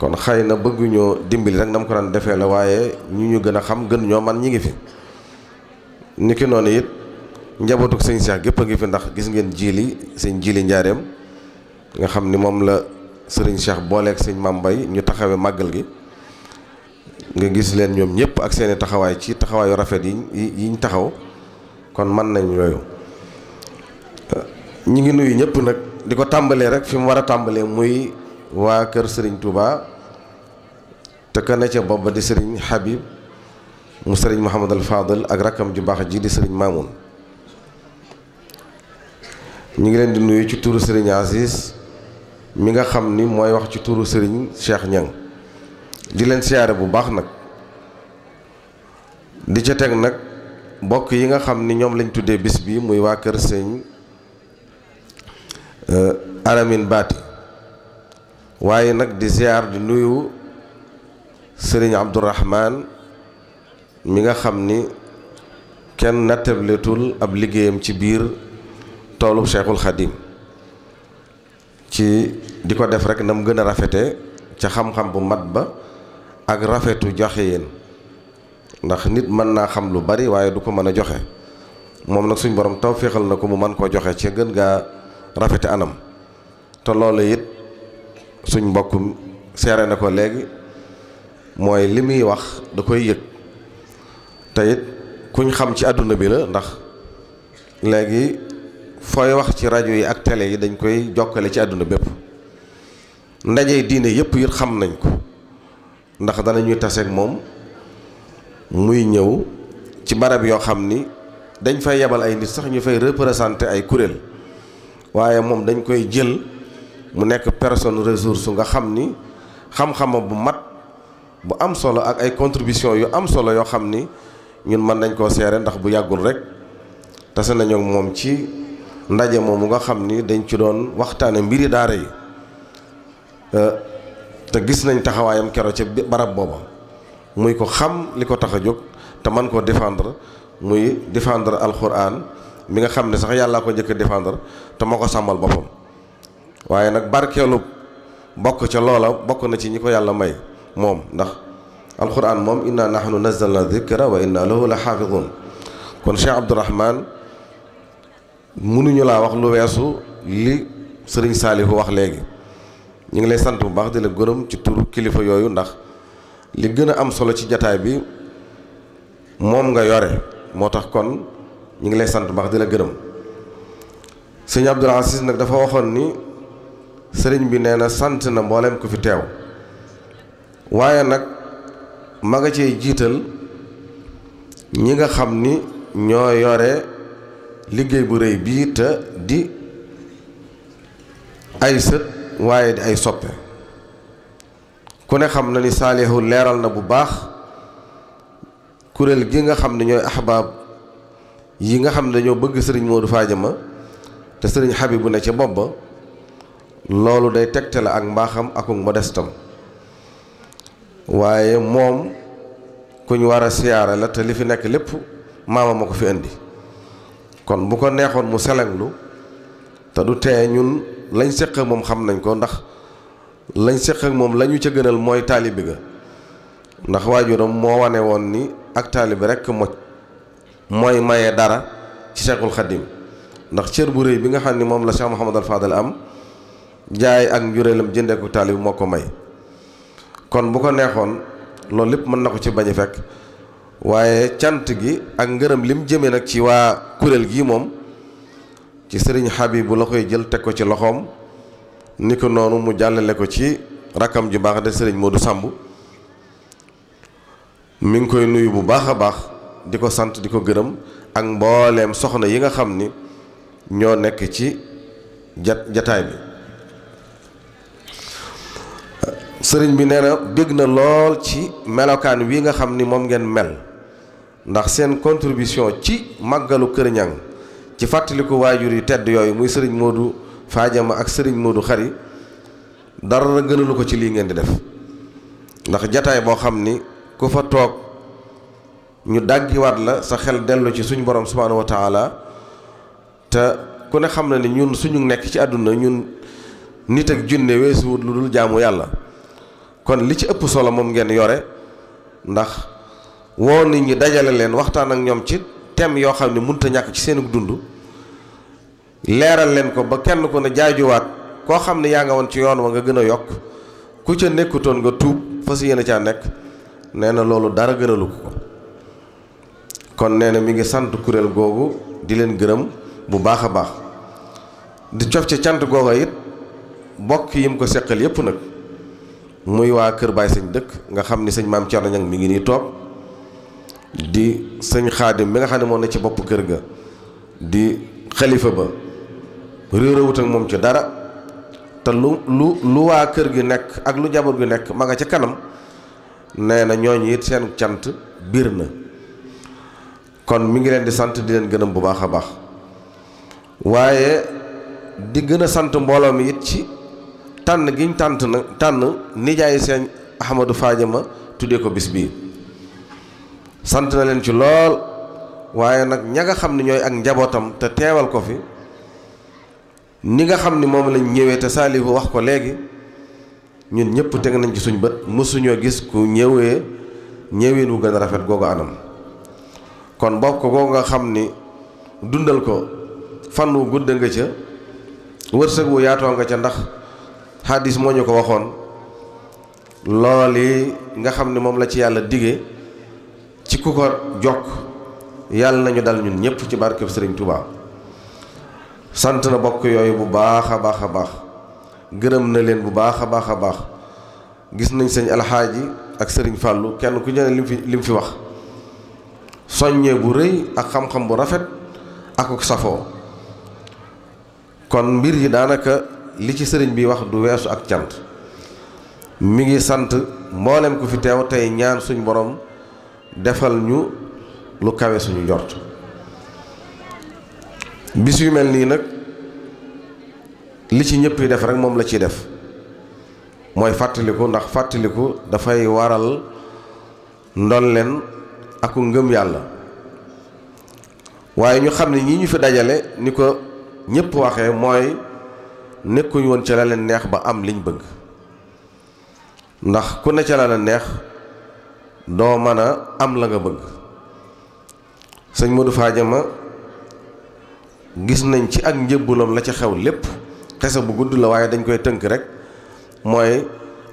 F: kon xëy na bëgguñoo dimbali rek na ko daan defee la waaye ñu ñu gën a xam gën ñoo man ñi ngi fi ni ki noonu it njabootuk sëñ Cheikh gépp a ngi fi ndax gis ngeen jiili sëñ jiili njaareem nga xam ni moom la sëriñ Cheikh booleek sëñ maam Bay ñu taxawe màggal gi nga gis leen ñoom ñëpp ak seeni taxawaay ci taxawaayu rafet yi yi ñu taxaw kon mën nañ yooyu ñi ngi nuyu ñëpp nag di ko tàmbalee rek fi mu war a tàmbalee muy waa kër Serigne Touba te ka ne ca booba di Serigne Habib mu Serigne Mouhamadul Fadal ak rakkam ju baax ji di sëriñ Mamoun ñu ngi leen di nuyu ci turu Serigne Aziz mi nga xam ni mooy wax ci turu sëriñ Cheikh Niang di leen siyaare bu baax nag di ca teg nag. mbokk yi nga xam ni ñoom lañ tuddee bis bi muy waa kër sëñ euh, Alamine Baati waaye nag di ziar di nuyu sëriñ Abdourahman mi nga xam ni kenn nattabletul ab liggéeyam ci biir toolub Cheikhul Khadim ci di ko def rek na mu gën a rafete ca xam-xam bu mat ba ak rafetu joxe yen ndax nit mën naa xam lu bari waaye du ko mën a joxe moom nag suñ borom taw féexal na ko mu mën koo joxe ci gën gaa rafete anam te loolu it suñ mbokk seere na ko léegi mooy li muy wax da koy yëg te it kuñ xam ci àdduna bi la ndax léegi fooy wax ci rajo yi ak télé yi dañ koy jokkale ci àdduna bépp ndaje diine yëpp it xam nañ ko ndax ñuy taseeg moom muy ñëw ci barab yoo xam ni dañ fay yebal ay nit sax ñu fay représenter ay kuréel waaye moom dañ koy jël mu nekk personne ressource nga xam ni xam-xama bu mat bu am solo ak ay contribution yu am solo yoo xam ni ñun mën nañ koo seere ndax bu yàggul rek tase nañoo moom ci ndaje moomu nga xam ni dañ ci doon waxtaane mbiri daara yi euh, te gis nañ taxawaayam kero ca barab booba muy ko xam li ko tax a jóg te man koo defendre muy défendre alxuraan mi nga xam ne sax yàllaa ko njëkk a défendre te moo ko sàmmal boppam waaye nag barkeelu bokk ca loola bokk na ci ñi ko yàlla may moom ndax alxuraan moom inna nahnu nazzalna dikra wa inna lahu la xaafidun kon Cheikh Abdourahman mënuñu laa wax lu weesu li sëriñ Saalihu wax léegi ñu ngi lay sant bu baax di la gërëm ci turu kilifa yooyu ndax li gën a am solo ci jataay bi moom nga yore moo tax kon ñu ngi lay sant baax di la gërëm sëñ Abdoul Aziz nag dafa waxoon ni sëriñ bi nee na sant na mboolem ku fi teew waaye nag ma nga cee jiital ñi nga xam ni ñoo yore liggéey bu rëy bii te di ay sët waaye di ay soppe ku ne xam na ni saalihu leeral na bu baax kuréel gi nga xam ne ñooy ahbaab yi nga xam ne dañoo bëgg sëriñ Modou Fadiama te sëriñ Habibou ne ca bopp ba loolu day tegte la ak mbaaxam ak modestam waaye moom ku war a siyaare la te li fi nekk lépp maama ma ko fi indi kon bu ko neexoon mu selenglu te du tee ñun lañ séq moom xam nañ ko ndax lañ séq ak moom lañu ñu ca gënal mooy taalibe ga ndax waajuram moo wane woon ni ak taalibe rekk moj mooy maye dara ci Cheikhul Khadim ndax cër bu réy bi nga xam ni moom la Cheikh Mouhamadal Fadal am jaay ak njureelam jëndee ko taalibe moo ko may kon bu ko neexoon loolu lépp mën na ko ci bañ a fekk waaye cant gi ak ngërëm lim jëmee nag ci waa kuréel gii moom ci sëriñ Habib bu la koy jël teg ko ci loxoom ni ko noonu mu jàllale ko ci rakkam ju baax de sëriñ moo Modou Samb mu ngi koy nuyu bu baax a baax di ko sant di ko gërëm ak mbooleem soxna yi nga xam ni ñoo nekk ci jat jataay bi sëriñ bi nee na bég na lool ci melokaan wi nga xam ni moom ngeen mel ndax seen contribution ci màggalu Kër Ñang ci fàttaliku waajur yi tedd yooyu muy sëriñ Modou faajama ak sëriñ moo du Khary dara la gënalu ko ci lii ngeen di def ndax jataay boo xam ni ku fa toog ñu dàggiwaat la sa xel dellu ci suñu borom subhaanahu wa taala te ku ne xam na ni ñun suñu nekk ci àdduna ñun nit ak junne weesuwut lu dul jaamu yàlla kon li ci ëpp solo moom ngeen yore ndax woo nit ñi dajale leen waxtaan ak ñoom ci thème yoo xam ne mënut a ñàkk ci seen dund leeral leen ko ba kenn ku ne jaajuwaat koo xam ne yaa nga woon ci yoon wa nga gën a yokk ku ca nekkutoon nga tuub fas yéene caa nekk nee na loolu dara gënalu ko kon nee na mu ngi sant kuréel googu di leen gërëm bu baax a baax di cof ca cant googa it bokk yim ko seqal yépp nag muy waa Kër Baay sëñ dëkk nga xam ni sëñ maam Thierno Niang mi ngi nii toog di sëñ xaadim mi nga xam ne moo na ci bopp kër ga di xalifa ba réerawut ak moom ci dara te lu lu lu waa kër gi nekk ak lu jaboot gi nekk ma ca kanam nee na ñooñu it seen cant biir na kon mu ngi leen di sant di leen gërëm bu baax a baax waaye di gën a sant mbooloo mi it ci tànn giñ tànt na tànn nijaay seen Ahmadou Fadiama tuddee ko bis bii sant na leen ci lool waaye nag ña nga xam ne ñooy ak njabootam te teewal ko fi ni nga xam ni moom lañ ñëwee te saalihu wax ko léegi ñun ñëpp teg nañ ci suñu bët mësuñoo gis ku ñëwee ñëween wu gën a rafet googu anam kon bokk googu nga xam ni dundal ko fan wu gudd nga ca wërsëg wu yaatoo nga ca ndax xaadis moo ñu ko waxoon looli nga xam ne moom la ci yàlla dige ci ku ko jokk yàlla nañu dal ñun ñëpp ci barkeb Sëriñ Tuubaa sant na bokk yooyu bu baax a baax a baax gërëm na leen bu baax a baax a baax gis nañ sëñ alxaaji ak sëriñ fàllu kenn ku jëne lim fi lim fi wax soññee bu rëy ak xam-xam bu rafet ak safoo kon mbir yi daanaka li ci sëriñ bi wax du weesu ak cant mu ngi sant mboolem ku fi teew tey ñaan suñu borom defal ñu lu kawe suñu jort bis yu mel nii nag li ci ñëpp yi def rek moom la ciy def mooy fàttaliku ndax fàttaliku dafay waral ndon leen aku ngëm yàlla waaye ñu xam ne ñi ñu fi dajale ni ko ñëpp waxe mooy nekkuñ woon ca la leen neex ba am liñ bëgg ndax ku ne ca la leen neex doo mën a am la nga bëgg sëñ Modou Fadiama gis nañ ci ak njëbbulam la ci xew lépp xese bu gudd la waaye dañ koy tënk rek mooy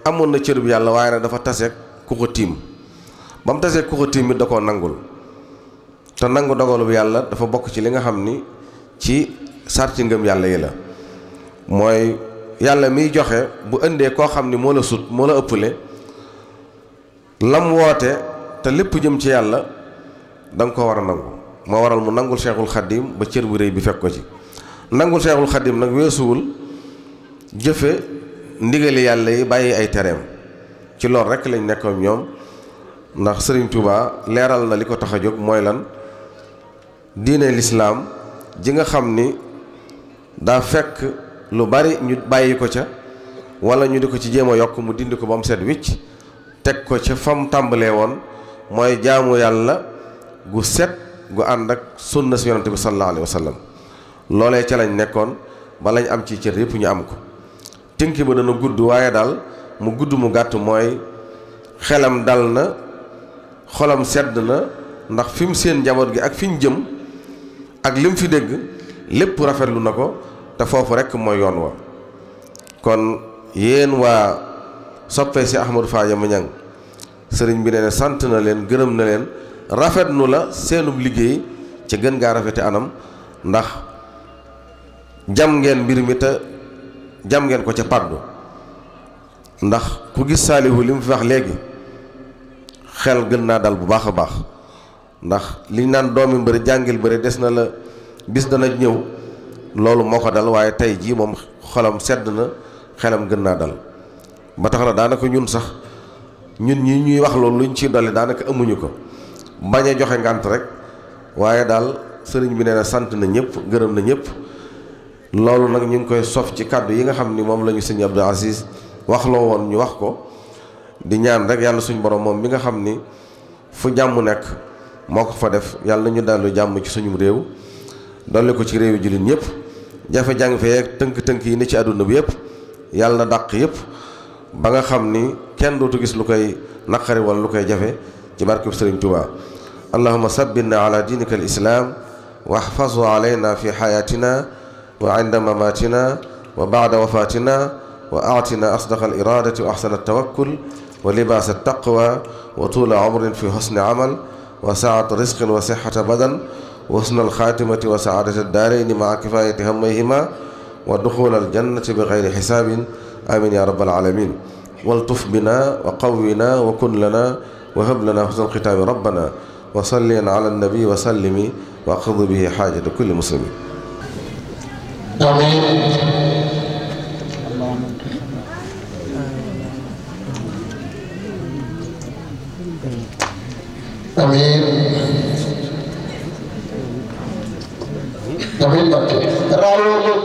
F: amoon na cërub yàlla waaye dafa taseeg ku ba mu taseeg ku ko bi da koo nangul te nangu dogalub yàlla dafa bokk ci li nga xam ni ci sarti ngëm yàlla yi la mooy yàlla miy joxe bu indee koo xam ni moo la sut moo la ëpple lam woote te lépp jëm ci yàlla da ko war a nangu moo waral mu nangul cheikhul xadim ba cër bu réy bi fekk ko ci nangul seexul xadim nag weesuwul jëfe ndigali yàlla yi bàyyi ay tereem ci loolu rek lañ nekkoon ñoom ndax sëriñ Touba leeral na li ko tax a jóg mooy lan diine lislaam ji nga xam ni daa fekk lu bari ñu bàyyi ko ca walla ñu di ko ci jéem a yokk mu dindi ko ba mu set wicc teg ko ca fam tàmbalee woon mooy jaamu yàlla gu set gu ànd ak sunna si yonante bi sallallahu alayhi wa loolee ca lañu nekkoon ba lañ am ci cër yëpp ñu am ko tënk ba dana gudd waaye daal mu gudd mu gàtt mooy xelam dal na xolam sedd na ndax fi mu seen njaboot gi ak fi ñu jëm ak li fi dégg lépp rafetlu na ko te foofu rekk mooy yoon wa kon yéen waa soppee si Ahmadou Fadia Mignane sëriñ bi nee na sant na leen gërëm na leen rafet nu la seenub liggéey ca gën gaa rafete anam ndax jam ngeen mbir mi te jam ngeen ko ca pàddu ndax ku gis saalihu li mu fi wax léegi xel gën naa dal bu baax a baax ndax liñ naan doomi mbëri jàngil mbëri des na la bis dana ñëw loolu moo ko dal waaye tey jii moom xolam sedd na xelam gën naa dal ba tax na daanaka ñun sax ñun ñi ñuy wax loolu luñ ci dolli daanaka amuñu ko bañ joxe ngànt rek waaye daal sëriñ bi nee na sant na ñëpp gërëm na ñëpp loolu nag ñu ngi koy sof ci kàddu yi nga xam ni moom la ñu sëñ Abdou Aziz waxloo woon ñu wax ko di ñaan rek yàlla suñu borom moom mi nga xam ni fu jàmm nekk moo ko fa def yàlla ñu dallu jàmm ci suñu réew dolli ko ci réew jullit ñëpp jafe jàng fee tënk-tënk yi ni ci àdduna bi yëpp yàlla na dàq yëpp ba nga xam ni kenn dootu gis lu koy naqari wala lu koy jafe ci barkeb sëriñ Tuubaa allahuma sabbinna ala diinika al islaam wa axfasu alayna fi xayaatina wa inda mamaatina wa baada wafaatina wa aatina asdaqa al iraadati wa axsana tawakkul wa libaasa taqwa wa tuula umrin fi xusni amal wa saat risqin wa sixata badan wa husna alxaatimati wa saadata daarayni maa kifaayati hammayhima wa duxuula aljannati bi gayri xisaabin amin ya rabbal alamin waltuf bina wa qawwina wa kun lana wa hab lana husnal xitaami rabbana wa salli ala nabi wa sallimi wa aqdi bihi xaajata kulli muslimin
A: amiin
F: amiin amiin